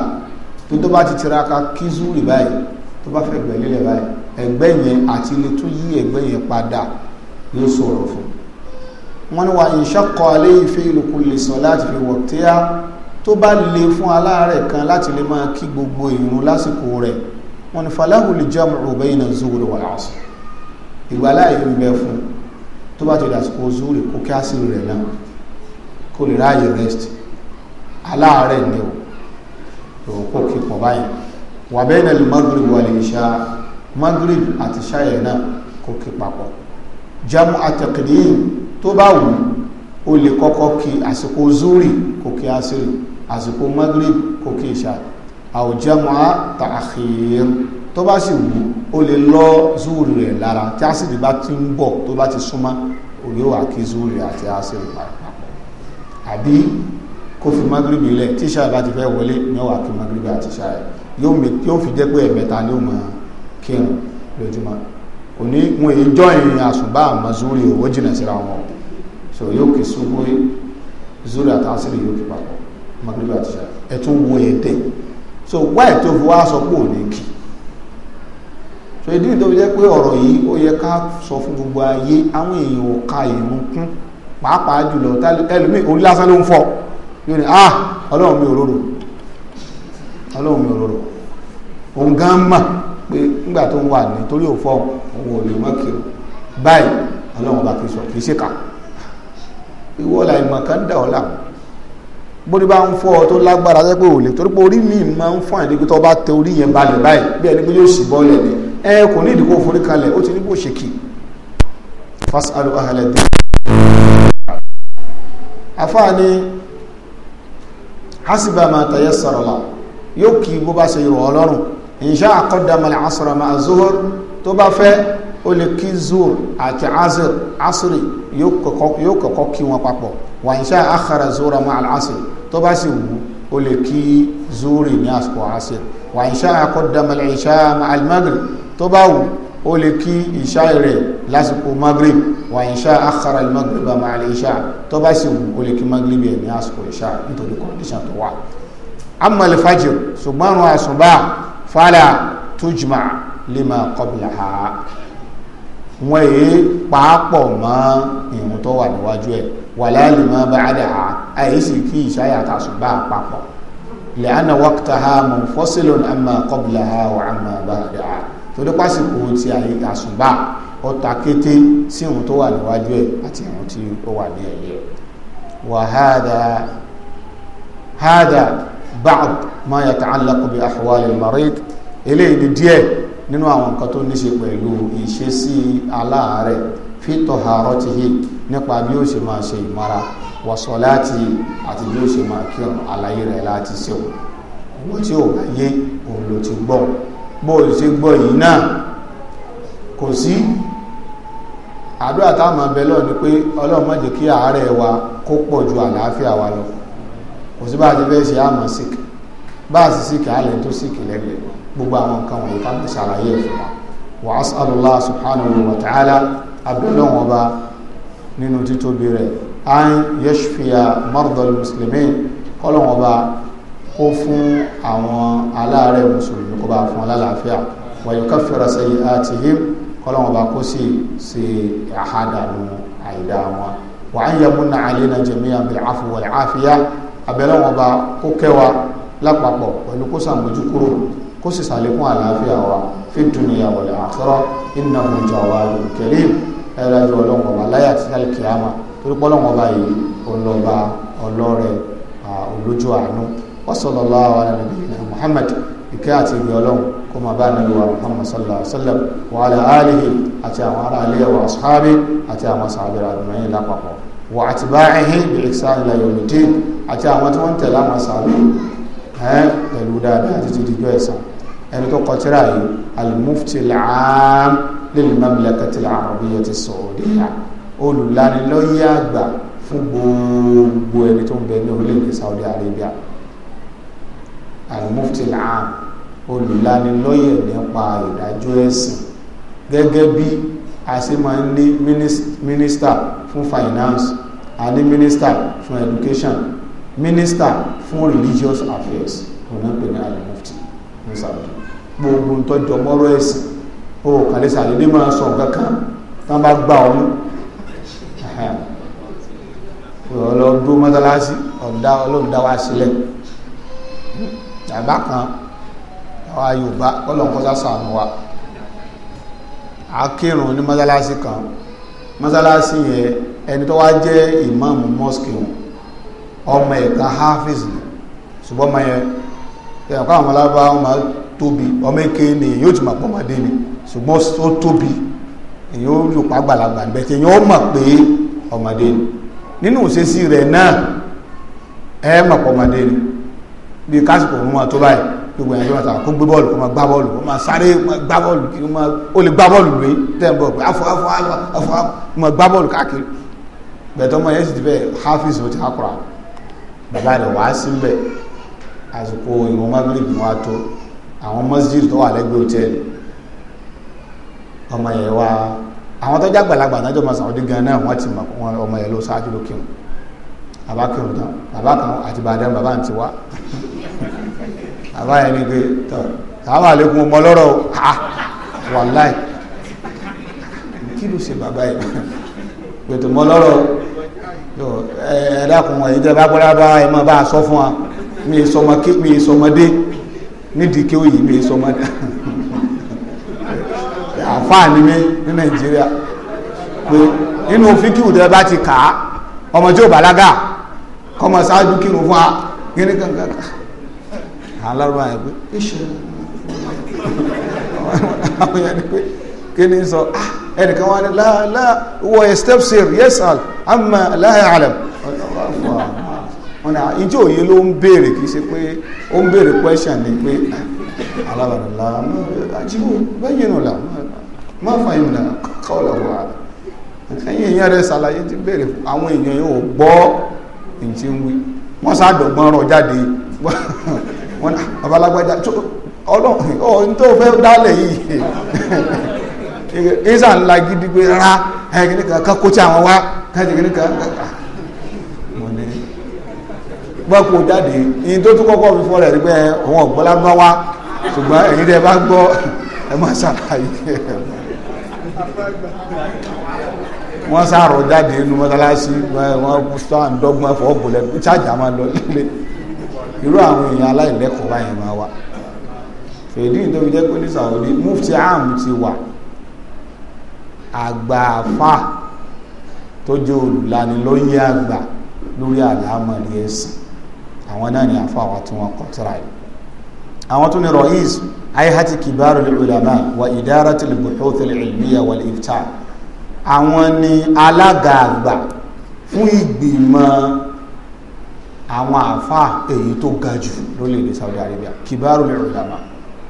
tó tó bá ti tiraka kí zuur báyìí tó bá fẹ́ gbẹ̀lélẹ̀ báyìí ẹ̀gbẹ́ yẹn àti lè tún yí ẹ̀gbẹ́ yẹn padà yóò sọ̀rọ̀ fún wọn ni wà ní ṣọ́kọ̀ alẹ́ ìfẹ́ ìlúkù lè sọ láti fi wọ̀ tí a tó bá le fún aláàrẹ̀ kan láti lè máa kí gbogbo ìrun lásìkò rẹ̀ wọn ni falahu lè jẹ́ ọmọ bayna zuhuri wal asr ìgbàláyé ń bẹ fún tó bá ti dàsìkò zuhuri kó kí àsìrì rẹ̀ náà kó lè ráàyè rest aláàrẹ̀ ni o kó kí pọ̀ báyìí wà bayna al maghrib wal isha maghrib àti ṣáyẹ̀ náà kó kí papọ̀ jamu atẹ̀kìdín tó bá wù ó lè kọ́kọ́ kí àsìkò zuri kò kí asiri àsìkò magrib kò kí ìṣà àwọn jamu atàkìr tó bá sì wù ó lè lọ zuri rẹ̀ lára tí asiri bá ti ń bọ̀ tó bá ti súnmọ́ òye wà kí zuri àti asiri papọ̀ àbí kó fi magrib ilẹ̀ tíṣà bá ti fẹ́ wọlé mẹ́wàá kí magrib àti ṣáà yóò fi jẹ́ pé ẹ̀mẹ́ta ni ó mọ̀ kírun lójúmọ́ kò wọn èyí jọ ìrìn àsùnbá àmọ́zúrí owó jìnà síra wọn so yóò kì súnmọ́ zúrí àtàsírí yóò kì papọ̀ magriba àti ṣáà ẹ̀tún wo èdè so wáì tó fi wá sọ pé ò ní kì so ìdí tó fi jẹ́ pé ọ̀rọ̀ yìí ó yẹ ká sọ fún gbogbo ayé àwọn èèyàn ò ka ìrun kún pàápàá jùlọ ẹlòmíì orí lásán ló ń fọ yóò ní ah ọlọ́run mi ò rorò ọlọ́run mi ò rorò òun gan mà pé nígbà tó ń wà ní torí òfò òun ò lè o báyìí ọlọ́run bá kì sọ kì í ṣe kà ìwọ la ìmọ̀ kan dà ọ́ làwọn bóri bá ń fọ́ ọ tó lágbára tó pé òòlè torí pé orí mi máa ń fọ́n àdínkù tó bá tẹ orí yẹn balẹ̀ báyìí bí ẹni pé yóò sì ẹ kò ní ìdíkò forí kalẹ̀ ó ti ní bó ṣe kì la yóò kí bó bá ṣe insha àkọ́dàmà asọ̀rọ̀ ma zuhur tó bá fẹ́ ó lè kí zuhur àti asir asiri yóò kọ́kọ́ kí wọn papọ̀ wà insha akhara zuhur ma asir tó bá sì wù ó lè kí zuhur ní àsìkò asir wà insha àkọ́dàmà isha ma almagri tó bá wù ó lè kí ìṣá rẹ̀ lásìkò magrib wà ìṣá akhara magrib àmà àlè ìṣá tó bá sì wù ó lè kí magrib ẹ̀ ní àsìkò ìṣá nítorí kọ̀ndíṣàn tó wà. amal fajr ṣùgbọ́n àrùn àsùnbà fàlà tujma lima qablaha wọ́n èyí pàápọ̀ mọ́ ìrùn tó wà níwájú ẹ̀ wala lima ba'daha àìsí kí ìṣáyà tàṣùbà àpapọ̀ lẹ́ànà waqtaha munfasilun amma qablaha wa amma ba'daha torí pásìkò ti àyè àṣùbà ọta kété sí ìrùn tó wà níwájú ẹ̀ àti ìrùn tí ó wà ní ẹ̀yẹ wàhádà hádà ba'd ma yata'allaqu bi ahwalil marid eléyìí ni díẹ̀ nínú àwọn nǹkan tó ní ṣe pẹ̀lú ìṣesí aláàárẹ̀ fi taharatihi nípa bí ó ṣe máa ṣe ìmara wa salati àti bí ó ṣe máa kírun àlàyé rẹ̀ láti ṣe òun wọ́n tí ò bá yé òun ló ti gbọ́ bó o ṣe gbọ́ yìí náà kò sí àdúrà táwọn abẹ lọ ni pé Ọlọ́run má jẹ́ kí àárẹ̀ wa kó pọ̀ ju àlàáfíà wa lọ kò sí bá a ti fẹ́ ṣe àmọ́ síkì bá a sì síkì alẹ́ tó síkì lẹ́gbẹ̀ẹ́ gbogbo àwọn nǹkan wọ̀nyí ká lè ṣàlàyé ẹ̀ fún wa wa as'alullah subhanahu wa ta'ala abdullahi ọba nínú títóbi rẹ̀ an yashfiya mardal muslimin kọ́lọ́wọ́n ọba kó fún àwọn aláàárẹ̀ mùsùlùmí kó bá fún alálàáfíà wa yukaffira sayyi'atihim kọ́lọ́wọ́n ọba kó sì ṣe àhádàánú àìdá wọn wa an yamunna alaina jami'an bil afwi wal afiya abẹ́lẹ́ wọn bá kó kẹwa lápapọ̀ pẹ̀lú kó sàmójú kúrò kó sì sàlékún àlàáfíà wa fi dunya wal akhirah innahu jawwadun karim ẹ̀rọ ẹ̀rọ ọlọ́wọ́n ọba láyà tí a lè kí a ma torí pé ọlọ́wọ́n ọba yìí ọlọ́ba ọlọ́rẹ̀ olójú àánú wa sallallahu ala nabiyyina ìkẹ́ àti ìgbẹ́ ọlọ́run kó máa bá nàbí wa Muhammad sallallahu alaihi wa sallam wa ala wà àti báyìí bí ìsá ilẹ̀ yorùdí àti àwọn tí wọ́n tẹ̀lé àwọn sàbí pẹ̀lú dáadáa títí dijọ́ ẹ̀sán ẹni tó kọ tírà yìí al-mufti al-aam lil mamlakati al-arabiyyati as-saudiyya olùlanilọ́yẹ̀ àgbà fún gbogbo ẹni tó ń bẹ ní orílẹ̀-èdè Saudi Arabia al-mufti nípa ìdájọ́ ẹ̀sìn gẹ́gẹ́ bí a ṣe máa ń ní mínísítà fún finance a ní minister fún education minister fún religious affairs ọ̀nà pè ní alimufti ní saudi gbogbo ntọ́jọ mọ́rọ́ ẹ̀sìn o kàlẹ́ sàdédé máa sọ nǹkan kan tá bá gbà ọ́ mú ọlọ́dún mọ́tàlásí ọ̀dá ọlọ́dún dá wa sílẹ̀ tàbá kan àwa yorùbá ọlọ́nkọ́sá sàánú wa akérùn ní mọ́tàlásí kan mọ́sálásí yẹn ẹni tó wá jẹ́ ìmáàmù mosque wọn ọmọ ẹ̀ka hafiz ni ṣùgbọ́n ọmọ yẹn ẹ̀ka àwọn alábá ọmọ tóbi ọmọ èké ni yóò ti máa pọ̀ ọmọdé ni ṣùgbọ́n ó tóbi èyí ó lò pa àgbàlagbà níbẹ̀ tí èyí ó mọ̀ pé ni nínú òṣèṣì rẹ̀ náà ẹ̀ mọ̀ pọ̀ ọmọdé ni bí kásìkò òun wà tó báyìí gbogbo yẹn ló máa sọ kó gbé bọ́ọ̀lù kó máa gbá bọ́ọ̀lù kó máa sáré gbá bọ́ọ̀lù kí ó lè gbá bọ́ọ̀lù lóye tẹ́ǹbọ̀ pé afọ afọ afọ afọ kó máa gbá bọ́ọ̀lù káàkiri bẹ̀tọ́ mọ yẹn sì ti bẹ́ẹ̀ hafiz ó ti akura bàbá rẹ̀ wá sí bẹ́ẹ̀ àsìkò ìwọ̀n magrib ni wàá tó àwọn masjid tó wà lẹ́gbẹ̀ẹ́ hòtẹ́ẹ̀lì ọmọ yẹn wá àwọn tó jágbàlagbà náà jọ sàwọn dé ganan wọn ti mọ ọmọ yẹn ló ṣáájú lókè wọn bàbá kírun tán bàbá kan àti bàdán bàbá ń ti wá àbá yẹn ni pé tọ sàmà àlékún ọmọ lọ́rọ̀ o ha wàláì kí ló ṣe bàbá yìí pètè mọ lọ́rọ̀ o ẹ ẹ dákun ẹ jẹ bá gbọ́dọ̀ bá ẹ máa bá a sọ fún wa mi ì sọmọ kí mi ì sọmọdé nídìí kí ó yìí mi ì sọmọdé àfáà ni mí ní nàìjíríà pé nínú fíkì ìdẹ bá ti kà á ọmọ tí ò bàlágà kọmọ sáájú kírun fún wa gíní kankan kan alárúbá yẹn pé iṣu àwọn yẹn ni pé kí ni sọ ah, ẹnìkan wá ní láàlá wọ estepsir yẹsàl àmà láàyè àlẹm wọn ni ah, ìjọ òye ló ń béèrè kì í ṣe pé ó ń béèrè question ni pé alábàdàlá àjíwò bẹ́yìn nù là má fà yìí nà kọ́ọ̀lọ̀ wà ẹ̀yìn èèyàn rẹ̀ ṣàlàyé ti béèrè àwọn èèyàn yóò gbọ́ ìjì ń wí wọ́n sá dọ̀gbọ́n rọ̀ jáde wọn bàbá alágbájá ọlọ́run ọ̀hún oh, tó fẹ́ dálẹ̀ yìí ìsà ńlá gidi pé rárá ẹgbẹ̀rún kan kan kó tí àwọn wá ẹgbẹ̀rún kan mọ̀ ní gbọ́pọ̀ jáde yìí tó tún kọ́kọ́ fi fọ́lẹ̀ rí pé òun ọ̀gbọ́lá bá wá ṣùgbọ́n ẹ̀yin tẹ́ bá gbọ́ ẹ má ṣàlàyé wọ́n sàrọ̀ jáde inú mọ́tálásí wọ́n sọ àǹdọ́gbọ́n fọ́ọ̀bù lẹ́nu máa lọ nílé irú àwọn èèyàn aláìlẹ́kọ̀ọ́ báyìí máa wà fèdí tó fi jẹ́ pé ní Saudi mufti am ti wà àgbààfà tó jẹ́ olùlanilóyè àgbà lórí àlámọ̀rí ẹ̀sìn àwọn náà ni àfa àwọn tí wọ́n kọ́ tíra yìí àwọn tó ní rọ̀ís ayéhàtì kìbáàrù ulama wa idarati al-buhuth al-ilmiya wal-ifta àwọn ni alága àgbà fún ìgbìmọ̀ àwọn àfáà èyí tó ga jù lórílẹ̀‐èdè Saudi Arabia kìbárò lè rọ̀dàmà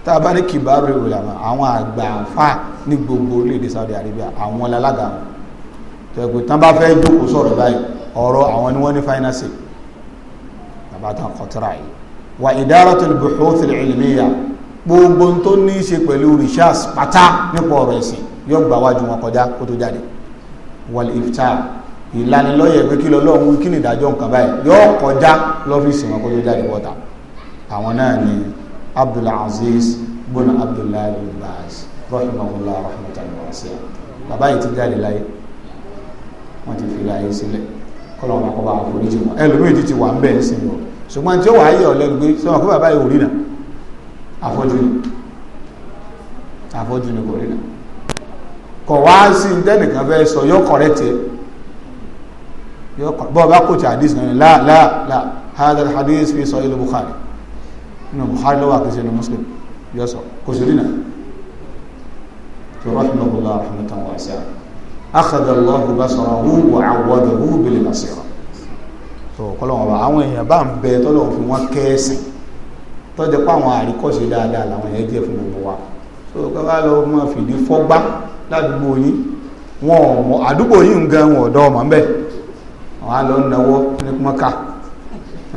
tá a bá ní kìbárò lè rọ̀dàmà àwọn àgbà àfáà ní gbogbo orílẹ̀‐èdè Saudi Arabia àwọn alága wọn tẹ̀gbẹ́ tán bá fẹ́ jókòó sọ̀rọ̀ báyìí ọ̀rọ̀ àwọn ni wọ́n ní fáínàsì bàbá tán kọ̀tara yìí wà idaratul buhuthil ilmiya gbogbo tó ní í ṣe pẹ̀lú rishas pátá nípa ọ̀rọ̀ ẹ̀sìn yóò gbà wájú wọn kọjá kó tó jáde wal ifta ìlanilọ́yẹ̀ pé kí lọ́lọ́run kí ni ìdájọ́ nǹkan báyìí yóò kọjá lọ́fíìsì wọn kó tó jáde bọ́ta àwọn náà ni Abdul Aziz bin Abdullahi bin Baz rahimahullah rahmatan wasi'a bàbá yìí ti jáde láyé wọ́n ti fi láyé sílẹ̀ kọ́lọ́wọ́n kọ́ bá wọn oníjì wọn ẹlòmíì ti ti wà ń bẹ̀ sí wọn ṣùgbọ́n tí ó wà á yẹ ọ̀lẹ́nu pé sọ́wọ́n kí bàbá yìí ò rí nà àfọ́jú ni kò rí nà kọ̀ wá sí yóò kọ bọ́ọ̀ bá kò tí hadith náà la la la hadal hadith fi sọ ilé bukhari nínú bukhari lọ́wọ́ àkíyèsí ní muslim yóò sọ kò sí rìnà tó rahimahullah rahmatan wasi'a akhadallahu basarahu wa awadahu bil basira tó kọ́lọ́wọ́n bá àwọn èèyàn bá ń bẹ tọ́lọ́wọ́n fi wọ́n kẹ́ẹ̀sìn tọ́jọ́ pé àwọn àríkọ́ṣe dáadáa làwọn èèyàn jẹ́ fún gbogbo wa tó kọ́lá lọ mọ́ fìdí fọ́gbá ládùúgbò yín wọn àdúgbò yín gan wọn ọ̀dọ́ ọmọ ń bẹ́ẹ̀ àwọn àlọ́ náwó ní mọ́kà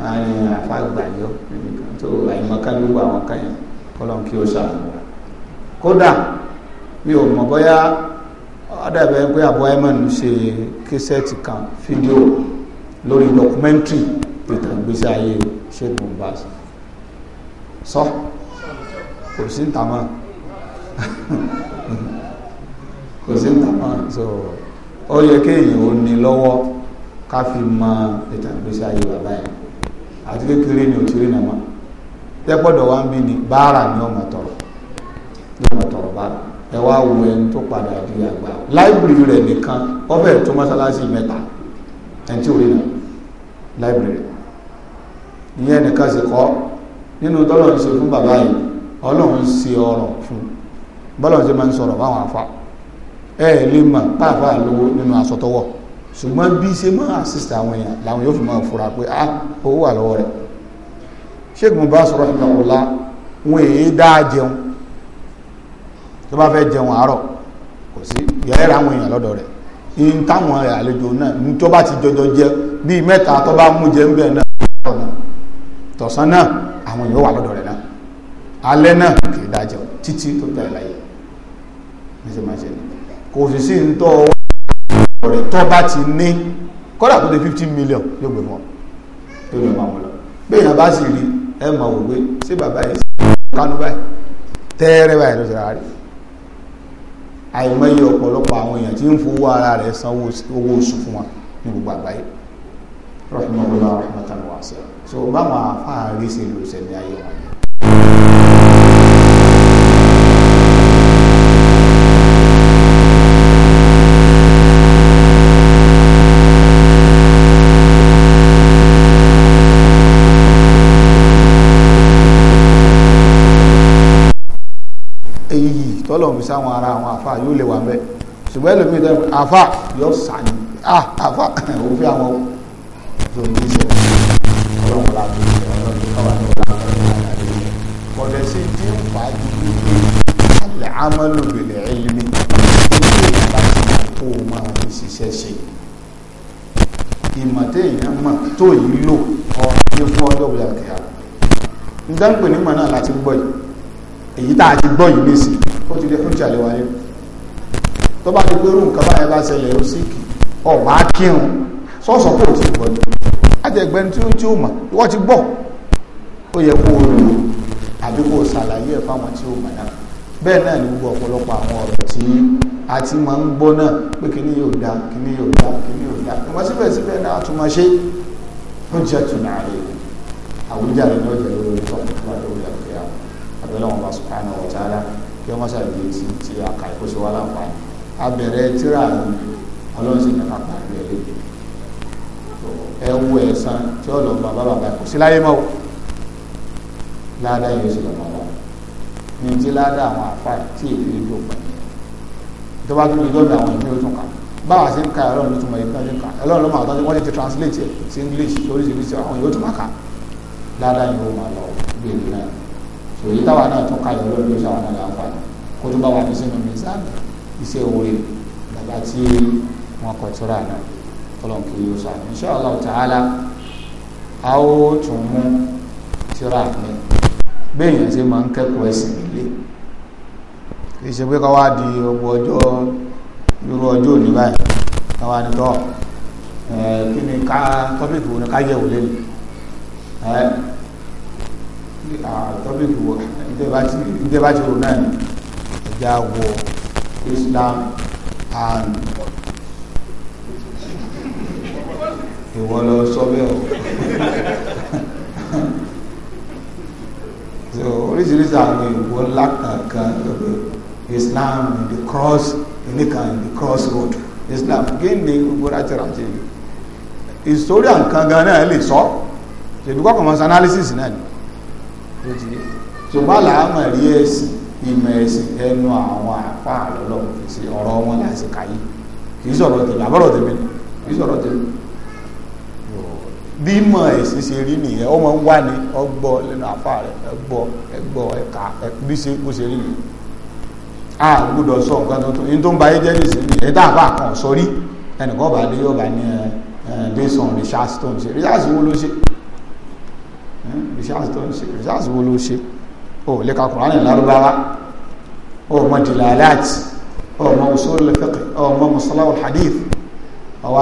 láàrin àfàgbàyọ tó àìmọ́ká gbogbo àwọn káyọ̀ kọ́lọ́n kí ó ṣàfihàn kódà mi ò mọ̀ bóyá ọ̀dàbẹ̀ pé àbọ̀ ayman ṣe késẹ́ẹ̀tì kan fídíò lórí dọkumẹ́ntìrì ìtàgbésí ayé Sheikh Bin Baz sọ kò sí ń kò sí ń so ó yẹ kéèyàn ò ní lọ́wọ́ ká fi mọ ètò ìgbésí ayé bàbá yẹn àti kékeré ni òtí rí nàmọ́ tẹ́gbọ́dọ̀ wá ń bí ni báárà ni ọmọ tọrọ ni ọmọ tọrọ báárà ẹ wá wo ẹni tó padà di àgbà láìbìrì rẹ̀ nìkan ọbẹ̀ tó mọ́sálásí mẹ́ta ẹni tí ò rí nà láìbìrì rẹ̀ ìyẹn nìkan sì kọ́ nínú tọ́lọ̀ ń ṣe fún bàbá yìí ọlọ́run ṣe ọ̀rọ̀ fún bọ́lọ̀ ṣe máa ń sọ̀rọ̀ báwọn afa ẹ̀ pàápàá lówó nínú aṣọ tọwọ́ ṣùgbọ́n bí ṣe máa assist àwọn èèyàn làwọn yóò fi máa fura pé ah owó wà lọ́wọ́ rẹ̀ ṣéèkì mo bá sọ̀rọ̀ ìgbàwọ̀lá wọn èyí dá jẹun tó bá fẹ́ jẹun àárọ̀ kò sí yẹ́rẹ́ àwọn èèyàn lọ́dọ̀ rẹ̀ in táwọn àlejò náà ní tó bá ti jọjọ jẹ bíi mẹ́ta tó bá mú jẹ ń bẹ̀ náà tọ̀sán náà àwọn èèyàn wà lọ́dọ̀ rẹ̀ náà alẹ́ náà kì í dá jẹun títí tó tẹ̀lé láyé ní ṣe máa ṣe kò sì sí ń tọ́ ọwọ́ ọ̀rẹ́ tó bá ti ní kọ́dà kó dé fifteen million yóò gbé wọn yóò lè máa wọn lọ bí èèyàn bá sì rí ẹ mọ̀ wò pé ṣé bàbá yìí sí kánú báyìí tẹ́ẹ̀rẹ́ báyìí ló ṣe rárá rí àìmọye ọ̀pọ̀lọpọ̀ àwọn èèyàn tí ń fowó ara rẹ̀ san owó oṣù fún wa ní gbogbo àgbáyé rahmatulah rahmatulah wa sẹ́yìn so báwọn afáàrí ṣe lò sẹ́ni ayé wọn yẹn èyí tọ́lọ̀ fi sáwọn ara àwọn àfà yóò lè wà mẹ́ ṣùgbọ́n ẹlòmíì tẹ́ àfà yóò sàní ah, àfà òfin àwọn òbí ṣe ọlọ́run láti ṣe ọlọ́run káwà ní ọlọ́run láti ṣe kọ̀dẹ̀ sí tí ń fà á ju bí alẹ́ amálù bẹ̀rẹ̀ ẹ̀yìnmí o máa fi ṣiṣẹ́ ṣe ìmọ̀ téèyàn mọ̀ tó yìí lò ọ̀ ní fún ọjọ́ ìyàkẹ́yà ń dáńpẹ̀ nímọ̀ náà láti gbọ́ yìí èyí tá a ti gbọ́ yìí lèsì ó ti dẹ́kun tí a lè wáyé tó bá ti pérú nǹkan báyẹn bá ṣẹlẹ̀ ó sì kì ọ̀ wá kírun sọ́ọ̀sọ̀ kò tí ì gbọ́ ni àtẹ̀gbẹ́ni tí ó tí ó mà ìwọ ti gbọ́ ó yẹ kó o lò àbí kó o ṣàlàyé ẹ̀ fáwọn tí ó mà náà bẹ́ẹ̀ náà ni gbogbo ọ̀pọ̀lọpọ̀ àwọn ọ̀rọ̀ tí a ti máa ń gbọ́ náà pé kíní yóò da kíní yóò da kíní yóò da ìwọ síbẹ̀síbẹ̀ náà a tún máa ṣe ó jẹ́ tùnà rẹ̀ àwùjáde náà jẹ́ lórí ìtọ́ abẹ́lẹ́wọ̀n bá subhanahu wa ta'ala kí wọ́n mọ́sá ìdí sí ti àkà ìkóso wa láǹfààní abẹ̀rẹ̀ tíra ọlọ́run sì nàka pàdé ẹ̀ lé ẹ wú ẹ san tí ó lọ bàbá bàbá kò sí láyé mọ́ ládàá yóò sì lọ bàbá ní ti ládàá àwọn àfa tí èyí lè dùn pẹ̀lú ìjọba tó lè lọ́dọ̀ àwọn ìpínlẹ̀ tó kàn báwa ṣe ń ka ẹ̀rọ ló tún mọ ìpínlẹ̀ tó kàn ẹ̀rọ ló máa tọ́jú wọ́n ti translate sí English lóríṣiríṣi àwọn yóò tún máa kà ládàá yóò máa lọ gbé ìlú náà òye táwa náà tún kalẹ̀ lórí oṣù àwọn náà láǹfààní kó tó bá wà ní sínú mi sáàmì iṣẹ́ òwe bàbá tí wọ́n kọ tíra náà tọ́lọ̀ kì í sọ àmì insha Allah ta'ala a ó tún mú tíra mi bẹ́ẹ̀ yẹn ṣe máa ń kẹ́kọ̀ọ́ ẹ̀sìn nílé kì í ṣe pé káwá di ọgbọ ọjọ́ irú ọjọ́ òní báyìí káwá ní tọ́ kí ni ká tọ́pìkì wo ni ká yẹ̀wò lélẹ̀ tọ́pìkì wo ìdẹ́bà ti rò náà ni Islam and ìwọ lọ sọ bẹ́ẹ̀ o oríṣiríṣi àwọn ìwọ ńlá kankan Islam in the cross nìkan in the cross road Islam kí ni gbogbo láti rà ṣe yìí ìsórí àǹkan gan náà lè sọ ṣèbí kọ́kọ́ mọ́ analysis náà ni lóti ṣùgbọ́n làámọ̀ rí ẹ̀sìn ìmọ̀ ẹ̀sìn ẹnu àwọn àpá àlọ́lọ́ fèsì ọ̀rọ̀ wọn láti kàyé kì í sọ̀rọ̀ tèmi àbọ̀rọ̀ tèmi kì í sọ̀rọ̀ tèmi bímọ ẹ̀sìn ṣe rí nìyẹn ọmọ ń wá ní ọgbọ́ lẹ́nu àpá rẹ̀ ẹgbọ́ ẹgbọ́ ẹ̀ka bí ṣe bó ṣe rí nìyẹn a gbọ́dọ̀ sọ nǹkan tuntun yìí tó ń ba ayé jẹ́ nìsín nìyẹn tá rìsáàsì tó o lè ka kùránì o mọ o mọ usul o mọ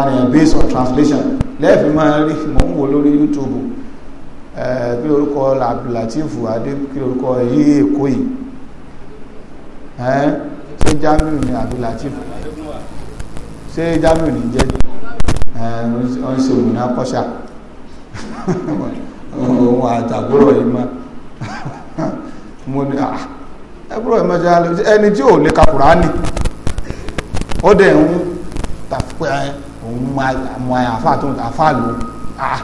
ni on translation lẹ́ẹ̀fì ma rí mò ń wò lórí youtube eh, kí lórúkọ làtífù adé kí lórúkọ yí èkó yìí eh, ṣé jamiu ni àbí làtífù ṣé jamiu ni jẹ́ eh, ọ̀n òun àtàbúrò yìí mo ní ah, àbúrò yìí mọ́ ṣe ẹni tí ò lè ka kùránì ó dẹ̀ ń tàpẹ́ òun mọ àfà tó àfà lò ah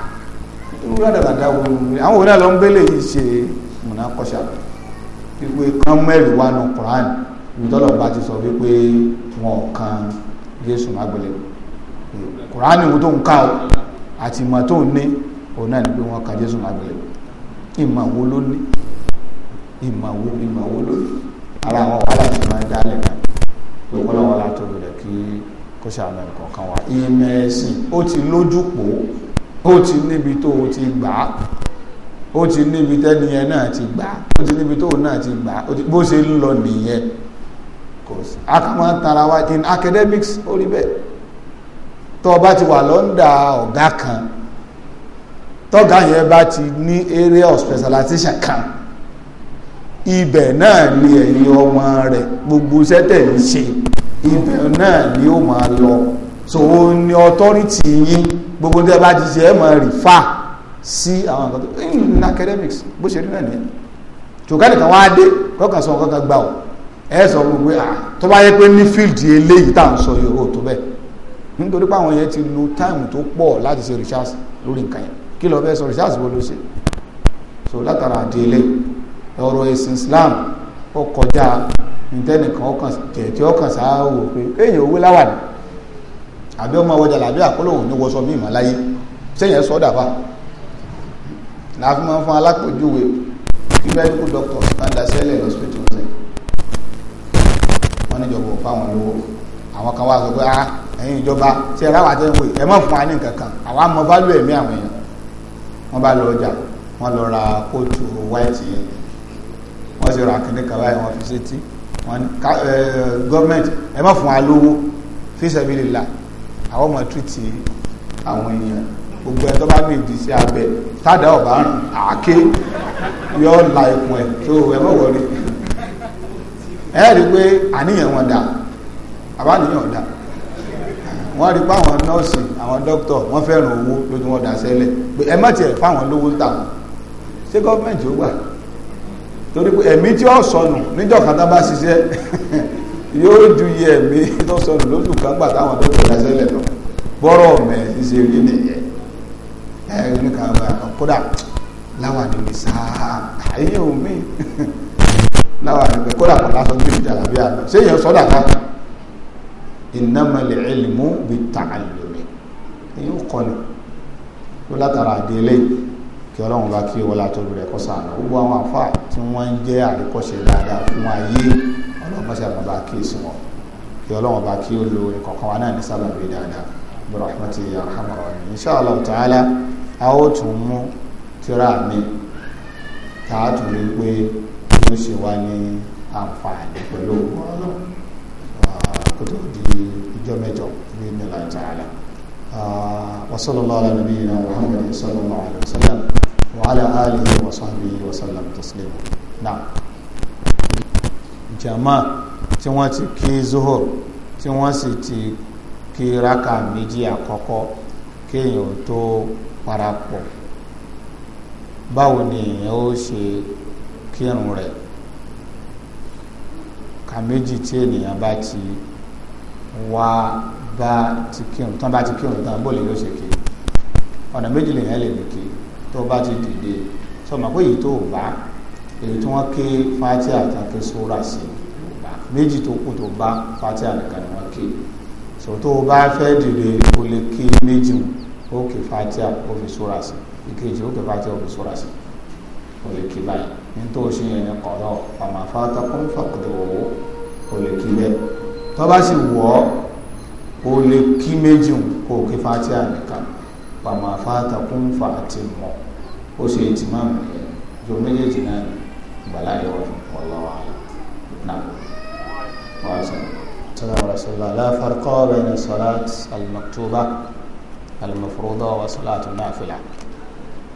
irú àdàgàdà wo àwọn òun náà lọ ń gbélé yìí ṣe múná kọ́ṣà wípé kán mẹ́rin wà nù kùránì ìtọ́lọ̀ bá ti sọ wípé wọn kan má gbélé kùránì wo tó ń ká àti òun náà ni pé wọ́n ka jésù lágbèlè ìmọ̀ wo ló ní ìmọ̀ wo ìmọ̀ wo ló ní ara àwọn wàhálà ti máa dálẹ̀ náà lọ́wọ́lọ́wọ́ látòrí rẹ̀ kí kó ṣàánú ẹ̀kọ́ kan wà ìmọ̀ ẹ̀sìn ó ti lójú pò ó ti níbi tó o ti gbà á ó ti níbi tẹ́ni yẹn náà ti gbà á ó ti níbi tó o náà ti gbà á bó ṣe ń lọ nìyẹn kò sí akamọ́ tara wa in academics ó rí bẹ́ẹ̀ tó o bá ti wà lọ́ndà ọ̀gá kan tọ́gá yẹn bá ti ní area of specialization kan ibẹ̀ náà ni ẹ̀yin ọmọ rẹ̀ gbogbo iṣẹ́ tẹ̀ ń ṣe ibẹ̀ náà ni ó máa lọ so ó ní authority yín gbogbo tẹ́ bá ti ṣe ẹ̀ máa refer sí àwọn nǹkan in academics bó ṣe rí náà nìyẹn tòkàlì kan wá dé kọ́kàn sọ kọ́kàn gbà ọ́ ẹ sọ fún pé ah, tó bá yẹ pé ní fíìdì eléyìí tá à ń sọ yòówó tó bẹ́ẹ̀ nítorí pé àwọn yẹn ti lo táìmù tó pọ̀ láti ṣe research lórí nǹkan yẹn kí lọ fẹ́ sọ research ló ṣe so látara àdìyẹlẹ ọ̀rọ̀ ẹ̀sìn Islam ó kọjá nítẹ́nìkan ọkàn tẹ̀tẹ̀ ọkàn sáà pé kéèyàn owó láwàdì àbí ọmọ ọwọ́jà làbí àkólóhùn ní wọṣọ mímọ́ láyé sẹ́yìn bá láàfin fún bí hospital ṣe wọ́n fáwọn lówó àwọn kan wá sọ pé ah, ẹ̀yin ìjọba ṣe ẹ̀ráwà tẹ́ ń ẹ̀ fún wa ní nǹkan kan àwa mọ ẹ̀mí àwọn èèyàn wọ́n bá lọ ọjà wọ́n lọ ra kóòtù white yẹn wọ́n sì ra kìnní kan báyìí wọ́n fi sétí wọ́n gọ́ọ̀mẹ̀ntì ẹ má fún wa lówó fi sabilillah àwọn ọmọ tìrìtì àwọn èèyàn gbogbo ẹ tó bá ní ìdí abẹ tádà ọba rìn àáké yọ la ikùn ẹ tó ẹ mọ wọlé ẹ rí i pé àníyàn wọn dà àbáníyàn dà wọ́n rí páwọn nọ́ọ̀sì àwọn dókítọ̀ wọ́n fẹ́ràn owó lójú wọn dà sẹ́lẹ̀ pé ẹ má tiẹ̀ fáwọn lówó ń tàkùn ṣé gọ́ọ̀mẹ̀ntì ó gbà torí pé ẹ̀mí tí ó sọnù níjọ̀kan tá bá ṣiṣẹ́ yóò ju iye ẹ̀mí tó sọnù lójú kan gbà táwọn dókítọ̀ dà sẹ́lẹ̀ lọ bọ́rọ̀ mẹ́ ṣe rí nìyẹn ẹ̀ ẹ̀ ní kàwé àkọ́kọ́dà láwà ní mi sáà àyè omi láwà ní mi kódà kọ́ lásán gbé ìjà làbí àná ṣé èèyàn sọ́dà kan innamal ilmu bit-ta'allumi èyí ń kọ́ ni ó látara àdéhélé kí ọlọ́run bá kí wọlé àtọ́jú rẹ̀ kọ́ sànà gbogbo àwọn àfa tí wọ́n ń jẹ́ àríkọ́ṣe dáadáa fún ayé ọlọ́run bá ṣàbà bá kí èsì wọn kí ọlọ́run bá kí ó lo ìkọ̀kan wa náà ní sábàbí dáadáa bí rahmatu ya rahman rahim insha allah ta'ala a ó tún mú tírà mi tá a tún rí pé ó ṣe wá ní àǹfààní pẹ̀lú kó tó di ìjọ mẹ́jọ ní ìmìlá ta'ala wa sallallahu ala nabiyyina muhammad sallallahu alaihi wa sallam wa ala alihi wa sahbihi wa sallam taslima náà jama tí wọ́n ti kí zuhur tí wọ́n sì ti kí raka méjì àkọ́kọ́ kéèyàn tó parapọ̀ báwo ni èèyàn ó ṣe kírun rẹ̀ ka méjì tí ènìyàn bá ti wa ba ti kírun tán bá ti kírun tán bóòlù yóò ṣe kí ọ̀nà méjì lèyàn lè lè kí tó bá ti dìde sọmọ pé èyí tó bá èyí tí wọ́n ké fatia àtàkè sóra sí méjì tó kù tó bá fatia nìkan ni wọ́n ké so tó bá fẹ́ dìde o lè ké méjì ó ké fatia ó fi sóra sí ìkejì ó ké fatia ó fi sóra sí o lè ké báyìí nítorí ṣe yẹn ní kọ̀ọ̀dọ̀ ọ̀mà fatakùn fàkùdọ̀ o lè ké bẹ́ẹ̀ tó bá sì wọ̀ ọ́ o lè kí méjì kó o kí fatia nìkan pàmò àfáàtà kún fa àti mọ́ ó ṣe ètì máa mú jọ méjèèjì náà gbàlá yọ ọlọ́wà náà wọ́n á sọ. سلام رسول الله لا فرق بين الصلاة المكتوبة المفروضة وصلاة النافلة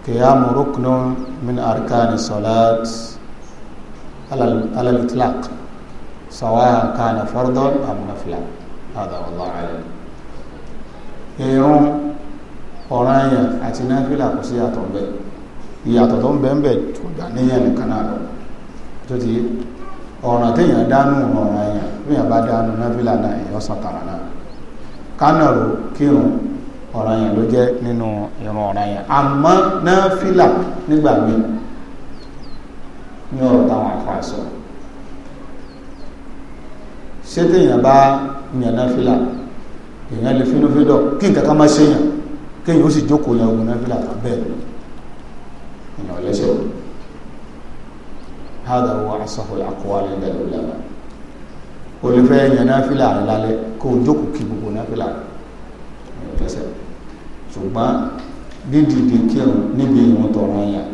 قيام ركن من أركان الصلاة على الإطلاق سواء كان فرضا أم نفلا هذا والله أعلم irun ọ̀ràn yẹn àti náfìlà kò sí ìyàtọ̀ bẹ́ẹ̀ ìyàtọ̀ tó ń bẹ́ẹ̀ bẹ́ẹ̀ tó dà níyẹn nìkan náà lọ tó ti ọ̀ràn téèyàn dánú ọ̀ràn yẹn téèyàn bá dánú náfìlà náà èèyàn sàn tààrà náà kánàrò kírun ọ̀ràn yẹn ló jẹ́ nínú irun ọ̀ràn yẹn àmọ́ náfìlà nígbà míì ní ọ̀rọ̀ táwọn àfàṣọ ṣé téèyàn bá yàn náà fìlà èèyàn lè fínú fídọ̀ kí nǹkan kan má ṣe yàn kéèyàn ó sì jókòó yan ogun náà fìlà bẹ́ẹ̀ èèyàn lẹ́sẹ̀ hádà wọ asọ́fọ̀ àkọwà lè dẹ̀ o lè fẹ́ yàn náà kó o jókòó kí gbogbo náà fìlà èèyàn lẹ́sẹ̀ ṣùgbọ́n dídìde kírun níbi ìwọ̀n tọ̀rọ̀ yàn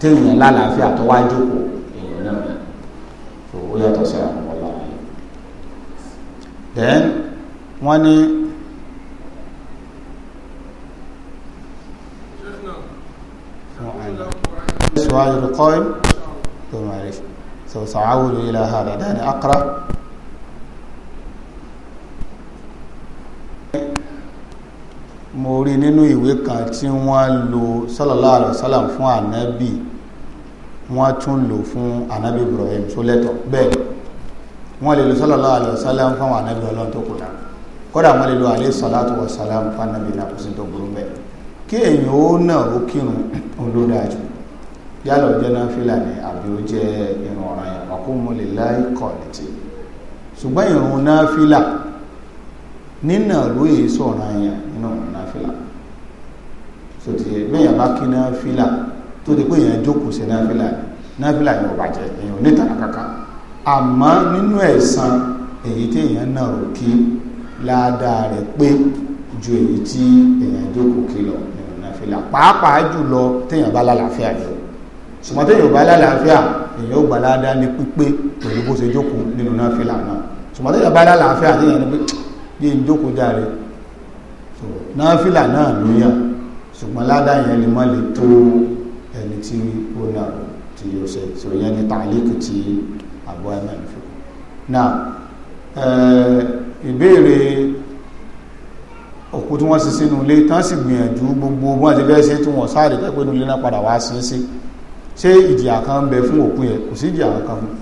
téèyàn lálàáfíà tó wá jókòó èèyàn náà ó yàtọ̀ sí then wọ́n ní سؤال القائل ثم عرف سوف سأعود إلى هذا دعني أقرأ mo rí nínú ìwé kan tí wọ́n lò sallallahu alaihi wasallam fún ànábì wọ́n tún lò fún ànábì Ibrahim sólẹ́tọ̀ bẹ́ẹ̀ wọ́n lè lo sallallahu alaihi wasallam fáwọn anábì ọlọ́run tó kùtà kódà wọ́n lè lo alaihi salatu wasalam fáwọn anábì ìlàkùsí tó burú bẹ́ẹ̀ kí èyàn ó náà ó kírun òun ló dáa jù yálà ó jẹ́ nàfílà ni àbí ó jẹ́ irun ọ̀ràn yẹn waqumu lillahi qaniti ṣùgbọ́n irun nàfílà nínà ló yẹ sọ̀rọ̀ yẹn nínú nàfílà sòtì bẹ́yàn bá kí nàfílà tó di pé èyàn jókòó sí nàfílà nàfílà yẹn ò bàjẹ́ èyàn ò ní tàrà àmọ́ nínú ẹ̀san èyí tí èèyàn náà rò kí ládàá rẹ̀ pé ju èyí tí èèyàn jókòó kí lọ nínú nàfìlà pàápàá jùlọ téèyàn bá lálàáfíà yọ ṣùgbọ́n téèyàn bá lálàáfíà èèyàn ó gbà ládàá ní pípé pẹ̀lú bó ṣe jókòó nínú nàfìlà náà ṣùgbọ́n téèyàn bá lálàáfíà téèyàn ní pé bí n jókòó dáre nàfìlà náà ló yà ṣùgbọ́n ládàá yẹn lè má tó ẹni tí ó nà tí yóò ṣe ṣòyẹn ní tàlíkù tí àbúwá náà fi náà ìbéèrè òkú tí wọ́n sì sínú ilé tán sì gbìyànjú gbogbo wọ́n ti bẹ́ẹ̀ sí tí wọ́n sáré pẹ́pẹ́ nílé náà padà wá sí sí ṣé ìjìyà kan ń bẹ fún òkú yẹn kò sí ìjìyà kan fún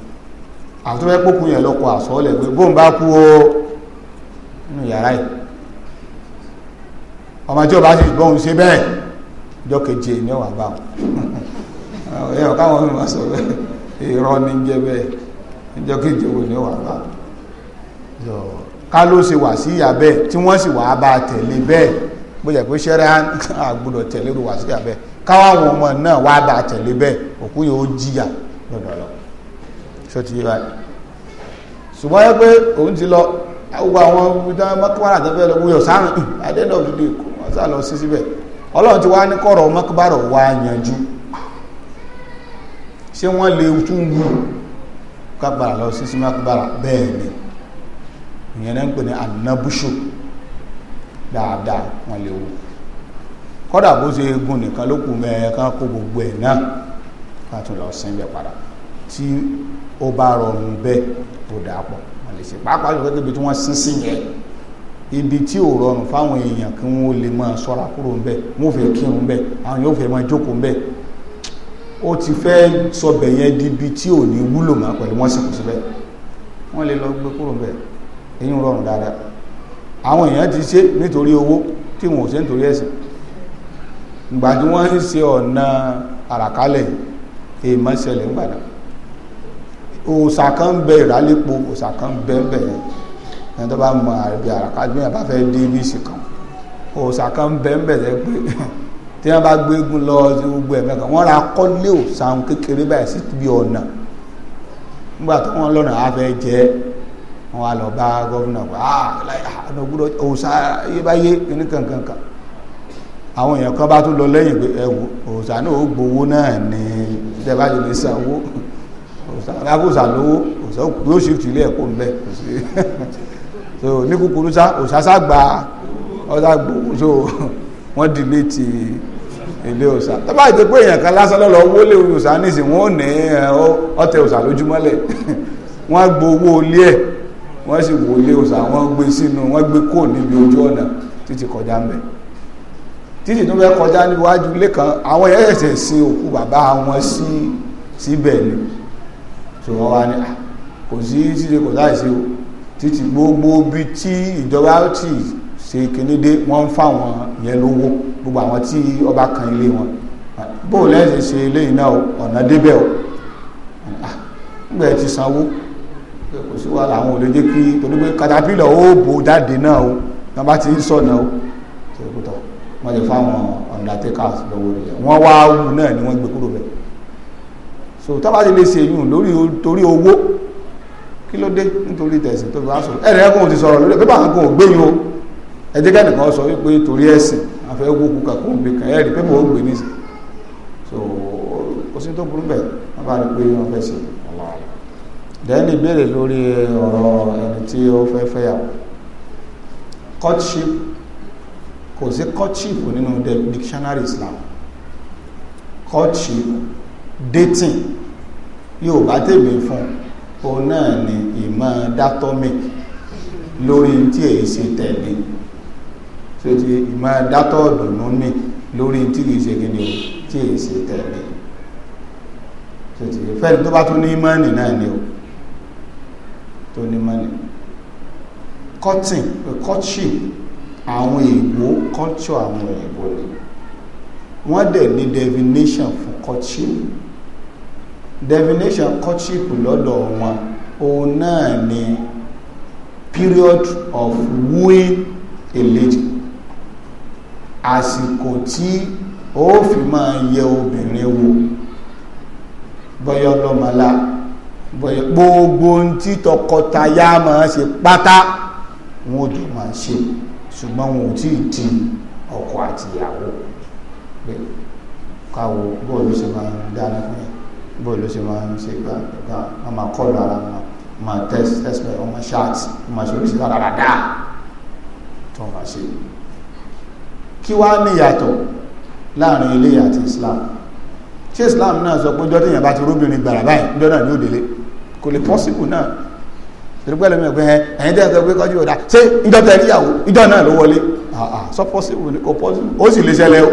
àtúwẹ́ pókú yẹn lọ́kọ̀ àsọ́ọ̀lẹ̀ pé bóun bá kú o nínú yàrá yìí ọmọ tí o bá sì gbọ́n ṣe bẹ́ẹ̀ jọ keje ní ọ̀wà bá wọn ẹ̀ ọ̀ká wọn fi máa sọ bẹ́ẹ̀ irọ́ ní jẹ́ bẹ́ẹ̀ níjọ́ kéje wo ni wà bá ká ló ṣe wà sí ìyá bẹ́ẹ̀ tí wọ́n sì wàá bá tẹ̀lé bẹ́ẹ̀ bó jẹ́ pé ṣẹ́rẹ́ àgbọ̀dọ̀ tẹ̀lé wà sí ìyá bẹ́ẹ̀ káwọn ọmọ náà wàá bá tẹ̀lé bẹ́ẹ̀ òkú yóò jìyà lọ́dọ̀ lọ ṣó ti yé wa ṣùgbọ́n yẹ pé òun ti lọ gbogbo àwọn ìdá mọ́kúbárà tó fẹ́ lọ wúyọ̀ sáàrùn àdéhùn kò wọ́n sá lọ sí síbẹ̀ ọlọ́run kagbara lọ sí sima kagbara bẹ́ẹ̀ ni ìyẹn náà ń pè ní anabuṣu dáadáa wọn lè wò kọ́dà bó ṣe gùn nìkan ló kù mẹ́ẹ̀ kan kó gbogbo ẹ̀ náà ká tún lọ sí ibẹ̀ padà tí ó bá rọrùn bẹ́ẹ̀ tó dà pọ̀ wọn lè ṣe pàápàá jù kékeré tí wọ́n sín yẹn ibi tí ò rọrùn fáwọn èèyàn kí wọ́n lè máa ṣọ́ra kúrò ń bẹ̀ wọ́n fẹ́ kírun ń bẹ̀ àwọn yóò fẹ́ máa jókòó ń bẹ̀ ó ti fẹ́ sọbẹ̀ yẹn di ibi tí ò ní wúlò mọ́ pẹ̀lú wọ́n sì kù síbẹ̀ wọ́n lè lọ gbé kúrò bẹ́ẹ̀ èyí ń rọrùn dáadáa àwọn èèyàn ti ṣe nítorí owó tí wọn ò ṣe nítorí ẹ̀sìn ìgbà tí wọ́n ń ṣe ọ̀nà àràkálẹ̀ èèmọ̀ ṣẹlẹ̀ ńgbàdàn òòsà kan ń bẹ ìrálépo òòsà kan ń bẹ ń bẹ ẹni tó bá mọ àrẹ̀bí àràkálẹ̀ bí wọ́n bá fẹ́ dé ibi ìsìn kan òòsà kan bẹ ń pé tí wọ́n bá gbé egun lọ sí gbogbo ẹ̀ mẹ́kan wọ́n ra kọ́lé òsàn kékeré báyìí sí ibi ọ̀nà nígbà tó wọ́n lọ́nà á jẹ́ wọ́n wá lọ bá gọ́vùnà pé ah ọ̀nà ah, gbúdọ̀ òsàn ayébáyé ní kankankan àwọn èèyàn kan bá tún lọ lẹ́yìn pé ẹ̀wò òsàn náà ó gbowó náà ní ìjẹbájú ní sanwó òsàn lówó òsàn yóò ṣì tìlé ẹ̀kọ́ mbẹ́ so ní kúkúrú sá òsàn sá gba ọ̀sà gbowó so wọ́n dìlé ti ilé òsà tó bá jẹ́ pé èèyàn kan lásán lọ́lọ́ owó lé òsà nísìn wọn ò ní ọtẹ òsà lójúmọ́lẹ̀ wọ́n gbowó ilé ẹ̀ wọ́n sì wò ilé òsà wọ́n gbé sínú wọ́n gbé kó níbi ojú ọ̀nà títí kọjá ń títí tó fẹ́ kọjá níwájú ilé kan àwọn èèyàn ṣẹ̀ṣẹ̀ sin òkú bàbá wọn sí síbẹ̀ ni ṣùgbọ́n wa ni kò sí títí kò láì sí o títí gbogbo bí tí ìjọba ti ṣe kìnníde wọ́n ń fáwọn yẹn lówó gbogbo àwọn tí ọba kan ilé wọn bó lẹ́sẹ̀ ṣe eléyìí náà ọ̀nà débẹ̀ o ah, nígbà tí sanwó kò sí wàhálà àwọn ò lè jẹ́ kí torí pé katapilọ̀ ó bò jáde náà o tí wọ́n bá ti sọ̀nà o tó kó tọ̀ wọ́n lè fáwọn undertakers lọ́wọ́ rẹ̀ wọ́n wá wù náà ni wọ́n gbé kúrò bẹ́ẹ̀ so tábà ti lè ṣe yùn lórí torí owó kí ló dé nítorí tẹ̀sí tó fi wá sọ̀rọ̀ ẹ̀rẹ̀ ẹ̀kún ti sọ̀rọ̀ lórí pépà kò gbé yìí o ẹdíkẹ́ nìkan sọ wípé torí ẹ̀sìn afẹ́ gbókù kàkó ń gbé kan ẹ̀rí pé mo ń gbé nísìn so ó sì tó burú bẹ̀ wọ́n bá rí pé wọ́n fẹ́ ṣe dẹ́ni ìbéèrè lórí ọ̀rọ̀ ẹni tí ó fẹ́ fẹ́yàwó courtship kò sí courtship nínú dictionary Islam courtship dating yóò bá tèmi fún òun náà ni ìmọ̀ dátọ́mì lórí tí èyí ṣe tẹ̀lé tó ti ìmọ̀ dátọ̀ dùnú mi lórí tí kìí ṣe kí ni o tí kìí ṣe tẹ̀lé tó ti fẹ́ni tó bá tún ní mọ́ọ̀nì náà ni o tó ní mọ́ọ̀nì cotton courtship àwọn èèbó culture àwọn èèbó ni wọ́n dẹ̀ ní definition fún courtship definition courtship lọ́dọ̀ wọn òun náà ni period of wooing a lady àsìkò tí ó fi máa yẹ obìnrin wo bọ́yọ́ lọ́mọlá bọ́yọ́ gbogbo ohun tí tọkọtaya máa ṣe pátá wọn ò jọ máa ṣe ṣùgbọ́n wọn ò tí ì di ọkọ àtìyàwó káwo bóòlù ṣe máa ń dáná fún yẹn bóòlù ṣe máa ń ṣe gbà gbà wọn máa kọlu ara wọn máa tẹsí tẹsí pẹ wọn máa ṣáàtì wọn máa ṣe oríṣiríṣi rárá tí wọn máa ṣe kí wá ní ìyàtọ̀ láàrin ilé àti islam ṣé islam náà sọ pé ọjọ́ tí èèyàn bá ti róbìnrin gbàrà báyìí ọjọ́ náà ní òdèlé kò lè pọ́sibù náà tẹ̀lifẹ́ lẹ́mọ̀ pé ẹ̀yin tẹ́ ẹ̀kọ́ pé kọjú ọ̀dà ṣé ìjọ tẹ̀ níyàwó ìjọ náà ló wọlé sọ pọ́sibù ni kò pọ́sibù ó sì lè ṣẹlẹ̀ o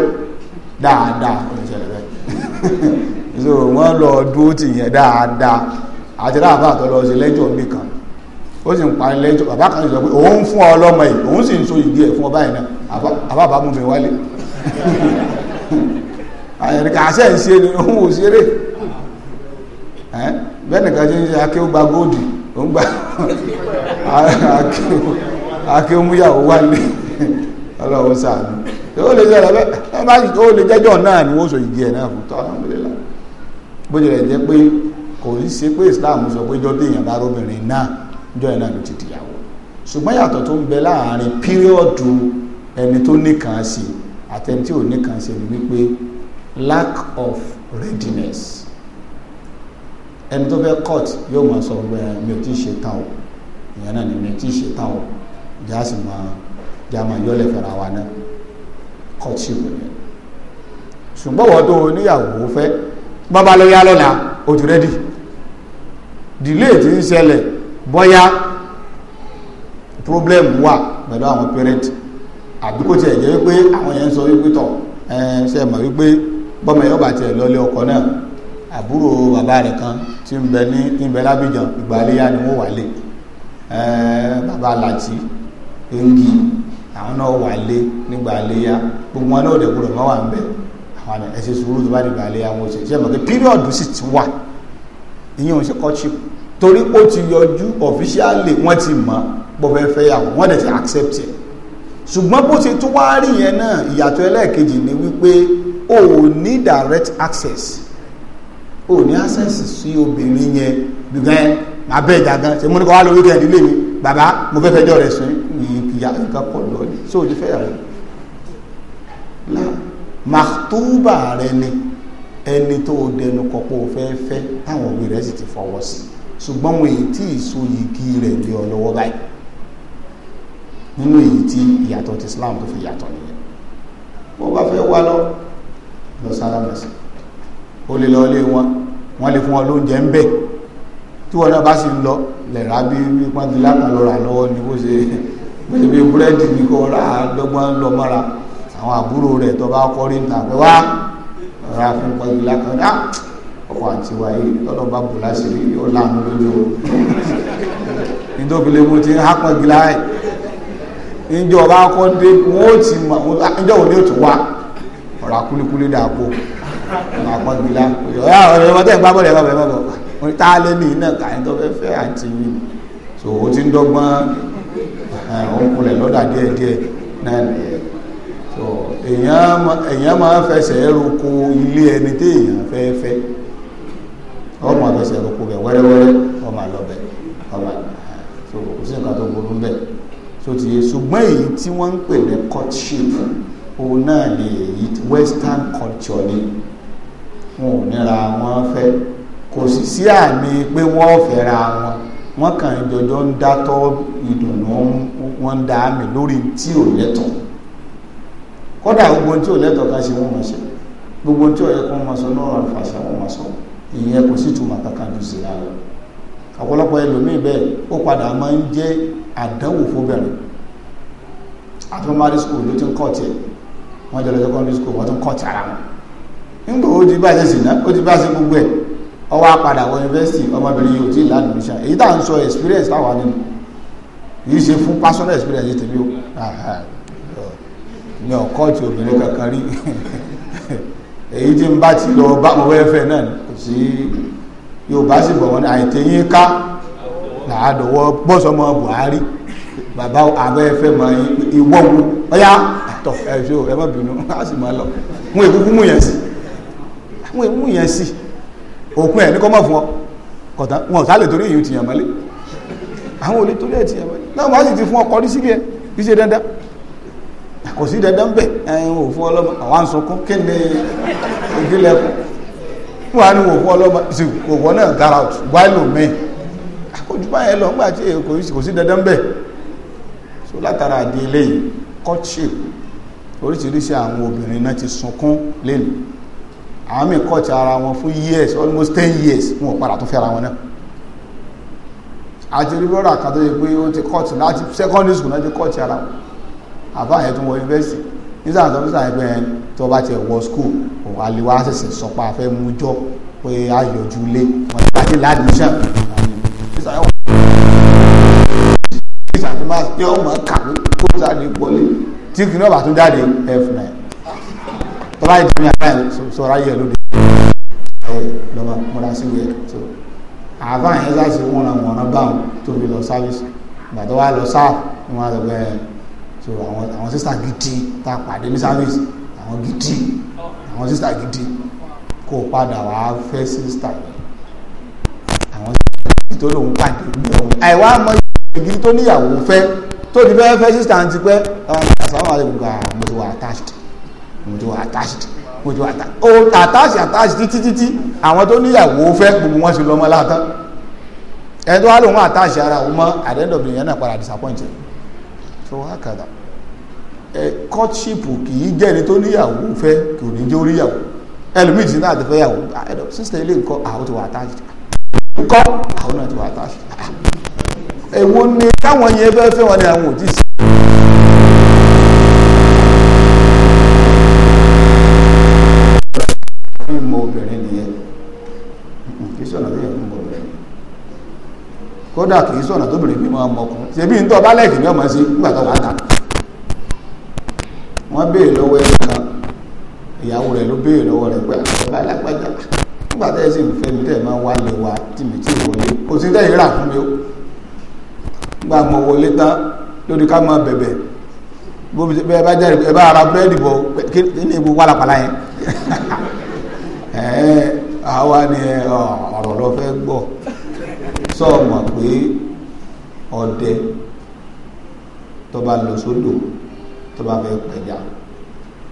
dáadáa ó lè ṣẹlẹ̀ bẹ́ẹ̀ so wọ́n lọ dúró tì yẹn dáadáa àti láàbà tó lọ sí lẹ́jọ́ mi kan ó sì ń parí lẹ́jọ́ bàbá kan sọ pé òun fún ọ lọ́mọ yìí òun sì ń so ìdí ẹ̀ fún ọ báyìí náà àbábà mú mi wálé àyẹ̀ríkà àṣẹ ìṣe ni òun ò ṣeré bẹ́ẹ̀ nìkan ṣe ń ṣe akéwò gba góòdì òun gba akéwò múyàwó wálé ọlọ́wọ́ sàánú ó lè jẹ́ ẹ̀rọ ó lè jẹ́jọ́ náà ni wọ́n sọ ìdí ẹ̀ náà fún tọ́ alhamdulillah bó jẹ́ jẹ́ pé kò ń ṣe pé Islam sọ pé jọ́dé èèyàn bá róbìnrin náà jọ́ ẹ̀ náà ló ti dìyàwó ṣùgbọ́n yàtọ̀ tó ń bẹ láàárín píríọ̀dù ẹni tó nìkan ṣe àtẹni tí ò nìkan ṣe ni wípé lack of readiness ẹni tó fẹ́ cut yóò máa sọ pé mi ò tí ì ṣe ta o ìyẹn náà ni mi ò tí ì ṣe ta o ìjà sì máa ìjà máa yọlẹ̀ fẹ́ra wa náà cut sí ìwé yẹn ṣùgbọ́n wọ́n tó oníyàwó fẹ́ bàbá ló yá lọ́la ó ti rẹ́dì dìlé tí ń ṣẹlẹ̀ bọ́yá problem wà pẹ̀lú àwọn parent àbí kò tiẹ̀ jẹ́ wípé àwọn yẹn ń sọ wípé tọ̀ ẹ ṣe mọ̀ wípé bọ́mọ yóò bá tiẹ̀ lọ́lé ọkọ náà àbúrò bàbá rẹ̀ kan tí ń bẹ ní ń bẹ lábìjàn ìgbàléyà ni wọ́n wà lé bàbá làtí engi àwọn náà wà lé nígbàléyà gbogbo wọn náà dẹ̀kúrò mọ́ wà ń bẹ àwọn ẹ̀ ṣe sùúrù tó bá di ìgbàléyà wọn ṣe ṣe mọ̀ pé píríọ̀dù sì ti wà ìyẹn ò ṣe kọ́ chip torí pé ó ti yọjú ọ̀fíṣíálì wọ́n ti mọ̀ pọ̀ fẹ́ fẹ́ yàwó wọ́n dẹ̀ ti accept it ṣùgbọ́n bó ṣe tún wá rí yẹn náà ìyàtọ̀ ẹlẹ́ẹ̀kejì ni wípé o ò ní direct access o ní access sí obìnrin yẹn gbígbẹ́ màá bẹ́ẹ̀ jà ṣe mú ní kọ́ wá lórí kẹ́hìn nílé mi bàbá mo fẹ́ fẹjọ́ rẹ̀ sùn yìí kìyà nǹkan pọ̀ lọ ni ṣé o ti fẹ́ yàrá la màtúbà rẹ ni ẹni tó o dẹnu kọ pé o fẹ́ fẹ́ táwọn òbí rẹ sì ti fọwọ́ sí ṣùgbọ́n wọn èyí tí ì so yìí kí rẹ̀ lé ọ lọ́wọ́ báyìí nínú èyí tí ìyàtọ̀ ti Islam tó fi yàtọ̀ nìyẹn wọ́n bá fẹ́ wá lọ lọ sálámẹ̀sì ó lè lọ ilé wọn wọ́n lè fún wọn lóúnjẹ ń bẹ̀ tí wọn náà bá sì ń lọ lẹ̀ra bí pàdílà kan lọ rà lọ́wọ́ ni bó ṣe bẹ́ẹ̀ bí búrẹ́dì ní kó rà á dọ́gbọ́n lọ mọ́ra àwọn àbúrò rẹ̀ tó bá kọ́ rí nǹkan pé wá rà fún pàdílà kan rà ọkọ̀ àti wáyé lọ́dọ̀ bá bù láṣìírí ó láàánú lójú o nítorí lè mú ti hápọ̀ gíláì ìjọ ọba kọ́ dé wọ́n o ti mọ̀ ìjọ òní òtún wá ọ̀rọ̀ akúlíkúlí dàpọ̀ ọ̀rọ̀ akọ́gbìlá ọ̀rọ̀ ọ̀rọ̀ ọmọdé ń gbábọ̀lẹ̀ ẹ̀bá bẹ̀rẹ̀ bọ̀ wọ́n ta lé ní iná kàyín tó fẹ́ fẹ́ àti yìí ni so ó ti ń dọ́gbọ́n ọkùnrin lọ́dà díẹ̀ díẹ̀ náà nìyẹn so èèyàn máa fẹsẹ̀ roko ilé ẹni tí èèyàn fẹ́ fẹ́ ọmọ fẹsẹ̀ roko rẹ̀ wẹ́rẹ́wẹ́rẹ́ ọmọ àlọ́bẹ̀ ọmọ so kò sí nǹkan tó burú bẹ́ẹ̀ tó ti yé ṣùgbọ́n èyí tí wọ́n ń pè ní courtship òun náà ni èyí western culture ni wọn ò níra wọn fẹ́ kò sì sí àmì pé wọ́n fẹ́ra wọn wọ́n kàn jọjọ́ ń dátọ́ ìdùnnú wọn ń da àmì lórí tí ò lẹ́tọ̀ọ́ kódà gbogbo tí ò lẹ́tọ̀ọ́ ká ṣe wọ́n mọ̀ ṣe gbogbo tí ò yẹ kó mọ̀ sọ náà fàṣà wọ́n mọ̀ sọ ìyẹn kò sí túmọ̀ kankan jù sí ara rẹ̀. ọ̀pọ̀lọpọ̀ ẹlòmíì bẹ́ẹ̀ ó padà máa ń jẹ́ àdánwò fóbìnrin àti primary ló ti ń kọ́ tiẹ̀ wọ́n jẹ́ lọ wọ́n ti ń ara wọn nígbà ó di báyìí sí náà ó di báyìí sí gbogbo ẹ̀ ọwọ́ apàdà wọ yunifásitì ọmọbìnrin tí ì lánàá èyí tá à ń sọ personal experience tèmi obìnrin kankan rí èyí ń bá ti lọ bá yorùbá sì bọ̀ wọ́n ní àìtẹ́yìn ká làádọ́wọ́ gbọ́sọmọ buhari bàbá àbẹ́ fẹ́ mọ ìwọ́ wu ọ̀yá àtọ̀ ẹ̀ṣọ́ ẹ má bínú á sì máa lọ mú èkúkú mú yẹn sí mú èkúkú mú yẹn sí òkun ẹ̀ ní kọ́ mọ̀ fún ọ kọ̀tà wọn ò sálẹ̀ torí èyí ti yàn mọ́lé àwọn olè torí ẹ̀ ti yàn mọ́lé náà wọ́n sì ti fún ọkọ̀ rí síbi ẹ̀ kì í ṣe dandan kò sí dandan bẹ́ẹ̀ ẹ̀ ọlọ́mọ àwọn àǹsọ̀kún wọ́n á ní wò fún ọlọ́mọ sí òwò náà gara out wáìlò mẹ́ẹ̀ àkójúbá yẹn lọ nígbà tí kò sí dandan bẹ́ẹ̀ so látara àdé eléyìí courtship oríṣiríṣi àwọn obìnrin náà ti sunkún lẹ́nu àwọn mi kọ́ọ̀tì ara wọn fún years almost ten years wọn ò tó fẹ́ ara wọn náà àti rí bọ́ọ̀rọ̀ àkàtọ́ yẹ pé ó ti kọ́ọ̀tì láti secondary school náà ti kọ́ọ̀tì ara wọn àbá yẹn tó wọ university nígbà tó ń sàyẹn tó bá ti wọ school aliwa ṣẹ̀ṣẹ̀ sọpa afẹ́ mú jọ pé ayọ̀jú lé wọn ti láti láti ṣá ìṣàfihàn pé ọmọ kàwé tó sáré wọlé tí kìnìún ọba tó jáde f9 tọ́lá ìdílé àbáyé sọ̀rọ̀ ayé lóde ẹ lọ́ba múra sí wẹ̀ tó àbáyé ẹ̀ sáà sí wọ́n ràn wọ́n rán báwọn tó fi lọ sáfíìsì ìgbà tó wá lọ sáà ni wọ́n á lọ bẹ́ẹ̀ so àwọn àwọn sísà gidi tá a pàdé ní sáfíìsì àwọn gidi àwọn sista gidi kó padà wá fẹ́ sista. àwọn sísà gidi tó lòun pàdé ní ọ̀hún àìwá mọ ìgbìyànjú tó níyàwó fẹ́ tó ti fẹ́ fẹ́ sísà ti pẹ́ àsàwọn àlejò gà mo ti wà attached mo ti wà attached mo ti wà attached ó attached attached títí títí àwọn tó níyàwó fẹ́ gbogbo wọn sì lọ́mọ látàn ẹni tó wá lòun attached ara òun mọ́ àdéhùn dọ̀bìnrin yẹn náà padà disappointed so how can kọ́tíṣìpù kì í jẹ́ ẹni tó níyàwó fẹ́ kò ní jẹ́ oríyàwó ẹlòmíì tí náà ti fẹ́ yàwó ah, ẹ̀dọ̀ sísè ilé nǹkan àwọn ti wà attached nǹkan àwọn náà ti wà attached ah, èwo ni káwọn yẹn fẹ́ fẹ́ wọn ni àwọn ò ti sí. mímọ obìnrin nìyẹn hmm, kì í sọ̀nà tó yẹ kó mọ obìnrin kódà kì í sọ̀nà tóbìnrin mímọ ọmọkùnrin ṣebí ń tọ́ bá lẹ́ẹ̀kì ní ọmọ sí nígbà tó wà á ta wọ́n béèrè lọ́wọ́ ẹni kan ìyàwó rẹ̀ ló béèrè lọ́wọ́ rẹ̀ pé àbá alágbájá nígbà tẹ́ ẹ sì ń fẹ́ mi tẹ́ ẹ máa wá lè wa tì mí tí ì wọlé kò sí tẹ́yìn rà fún mi ó gba mọ̀ wọlé tán lórí ká máa bẹ̀bẹ̀ bó bẹ́ẹ̀ bá jẹ́ ẹ bá ara búrẹ́dì bọ̀ kí ni ibu wà lápá láyẹn ẹ̀ẹ́ àwa ni ọ̀rọ̀ lọ fẹ́ gbọ́ sọ mọ̀ pé ọdẹ tó bá lọ sódò tó bá fẹ́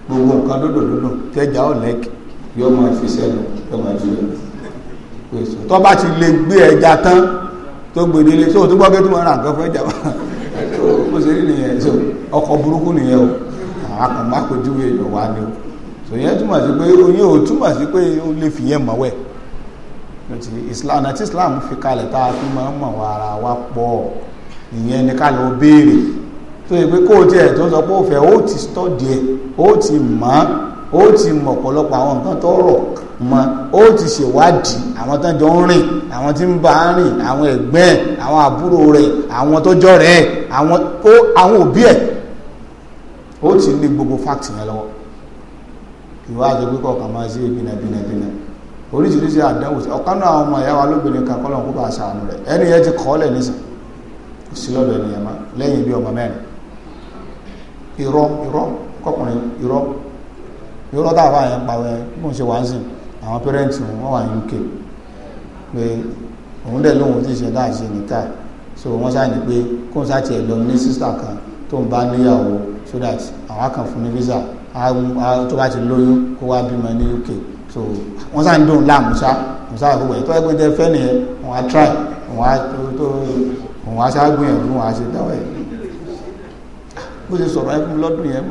gbogbo nǹkan dódò dódò tẹja ò lẹ́kì yóò máa fi sẹ́nu yóò máa fi lẹ́nu tó bá ti lè gbé ẹja tán tó gbèdéle tó tó gbọ́gbé tó máa ra nǹkan fún ẹja bá ṣe rí nìyẹn so ọkọ̀ burúkú nìyẹn o àkànmákojúwe ni o túmọ̀ sí pé oyin ò túmọ̀ sí pé lè islam islam fi kalẹ̀ tá a fi máa ń mọ̀ wa pọ̀ ìyẹn ni ká lọ béèrè tó yẹ pé kó o tiẹ̀ tó sọ pé ó fẹ́ ó ti stọ́dì ẹ̀ ó ti mọ̀ ó ti mọ̀ ọ̀pọ̀lọpọ̀ àwọn nǹkan tó rọ̀ mọ́ ó ti ṣèwádìí àwọn tó jọ ń rìn àwọn tí ń bá ń rìn àwọn ẹ̀gbẹ́ àwọn àbúrò rẹ̀ àwọn tó jọ rẹ̀ àwọn òbí ẹ̀ ó ti ní gbogbo fáktì yẹn lọ́wọ́ ìwádìí pípọ̀ kan máa ṣe bínabínabína oríṣiríṣi àdánwò ọ̀kan náà àwọn ọmọ ìyá wa lóbìnrin kan kọ́lọ̀ kó bá aṣàánú rẹ̀ ẹni yẹn ti kọ́ lẹ̀ nísìn kò sí lọ́dọ̀ ènìyàn mọ́ lẹ́yìn bí ọmọ mẹ́rin irọ́ irọ́ kọkùnrin irọ́ irọ́ táwọn àyàn pàwẹ́ mò ń ṣe wá sí àwọn pẹ́rẹ́ǹtì wọn wà ní UK pé òun dẹ̀ lóun ti ṣe dáa ṣe nìka so wọ́n ṣáà ní pé kó n ṣáàtì ẹ̀ lọ ní sísà kan tó ń bá níyàwó so that àwa kan fún mi visa tó bá ti lóyún kó wá bímọ ní UK so wọ́n ṣáà ń dùn láàmú ṣá wọ́n ṣáà fún wẹ̀ tó ẹgbẹ́ jẹ́ fẹ́ nìyẹn wọ́n á try wọ́n á tó wọ́n á ṣáà gbìyànjú wọ́n á ṣe dáwọ́ ẹ̀ bó ṣe sọ̀rọ̀ ẹkùn lọ́dún yẹn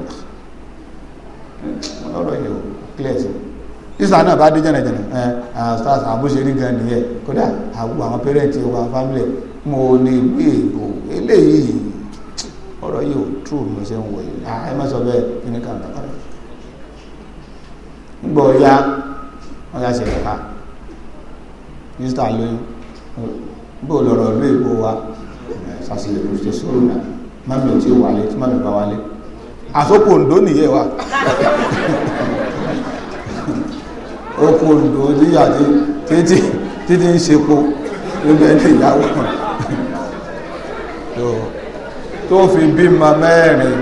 lọ́rọ̀ yìí ó clear sí sísá náà bá dé jẹ̀nẹ̀jẹ̀nẹ̀ ẹ stars àbúṣerí gan nìyẹn kódà àwọn àwọn pẹ́rẹ́ǹtì wa family mo ní ìwé ìbò eléyìí ọ̀rọ̀ yìí ò tú mo ṣe ń wò yìí ah, ẹ má sọ bẹ́ẹ̀ kí ni kàńtà kàńtà gbọ́ ya wọ́n yá ṣe lẹ́ka mínísítà lóyún bó lọ́rọ̀ lóyún kó wa ṣàṣìlẹ̀ kò ṣe sóòrùn náà mami ò tí ì wálé tí mami bá wálé àsopò ǹdó nìyẹn wa oko ǹdó níyà títí títí ń sepo níbẹ̀ ní ìyàwó tó fi bímọ mẹ́rin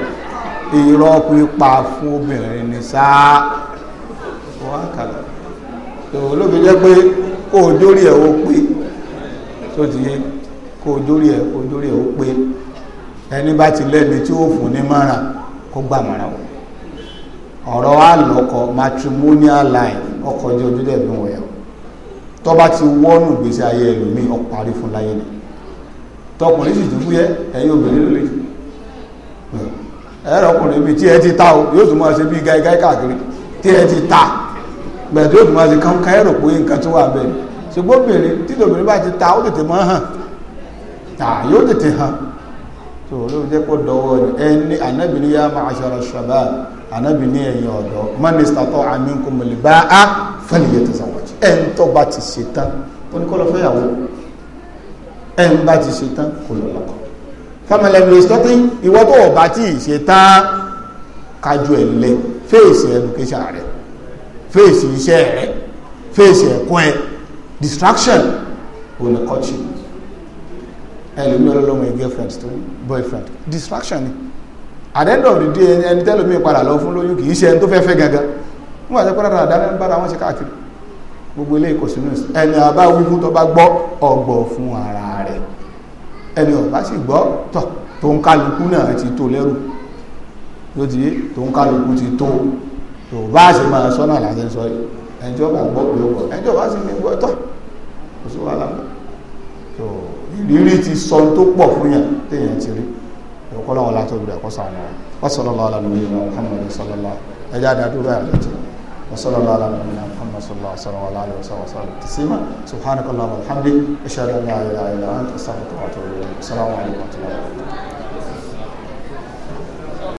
irọ́ pípa fún obìnrin ní sáà wọ́n kàlà tó olóbi jẹ́ pé kó o dórí ẹ̀ ó pé tó ti yé kó o dórí ẹ̀ o dórí ẹ̀ ó pé ẹni bá ti lẹ́ni tí ó fún ní mọ́ràn kó gbà mọ́ràn wọ̀ ọ̀rọ̀ àlọ́kọ matrimonial line ọkọ̀ jẹ́ ojú dẹ̀bí wọ̀ ẹ̀ tó bá ti wọ́nù gbèsè ayé ẹlòmíì ó parí fún láyé ni tọkùnrin sì dúkú yẹ ẹ̀yin obìnrin ló lè ẹ̀rọ ọkùnrin bíi tí ẹ ti ta o yóò tún máa ṣe bíi gáígáí káàkiri tí ẹ ti ta gbẹ̀dọ̀ yóò tún máa ṣe kánká ẹ̀rọ pé nǹkan tó wà bẹ́ẹ̀ ṣùgbọ́n obìnrin tí obìnrin bá ti ta ó tètè máa hàn yóò tètè hàn so olóòwò jẹ́ kó dọwọ́ ẹni ànábì ní yá ma'ashara shabab ànábì ní ẹ̀yìn ọ̀dọ́ man istata'a minkum al-ba'a falyatazawwaj ẹ̀ ń tọ́ bá ti ṣe tán ó ní kó lọ fẹ́yàwó ẹ̀ ń bá ti ṣe tán kó lọ lọ́kọ fámìlẹ̀ mi ìsọ́tí ìwọ́ tó ọ̀bá tí ì ṣe tán kájú ẹ̀ lẹ fèsì education rẹ fèsì iṣẹ́ rẹ fèsì ẹ̀kọ́ ẹ distraction òun ẹlòmí ọlọ́lọ́mọ girlfriend tó boyfriend distraction ni at the end of the day ẹni tẹ́lòmí padà lọ fún lóyún kì í ṣe ẹni tó fẹ́ fẹ́ gangan wọ́n àti pẹ́lá dáadáa ń bára wọn ṣe káàkiri gbogbo ilé ìkọ̀sí news ẹni àbá wíwú tó bá gbọ́ ọgbọ̀ fún ara rẹ̀ ẹni ọ̀bá sì gbọ́ tọ̀ tó ń kálukú náà ti tó lẹ́rù ló ti tó ń kálukú ti tó tó bá ṣe máa sọ náà láti sọ ẹni tí ó bá gbọ́ pé ó gbọ́ ẹni tí ó bá sì ní gbọ́ tọ̀ kò sí wàhálà mọ́ ìrírí ti sọ tó pọ̀ fún yàn téèyàn ti rí ọ̀pọ̀lọpọ̀ látọ̀ ìgbà ẹ̀kọ́ sàwọn wasallallahu ala nabiyina muhammad sallallahu ẹja dàdúró àti ẹ̀jẹ̀ sallallahu alaihi wasallam sallallahu tasima anta astaghfiruka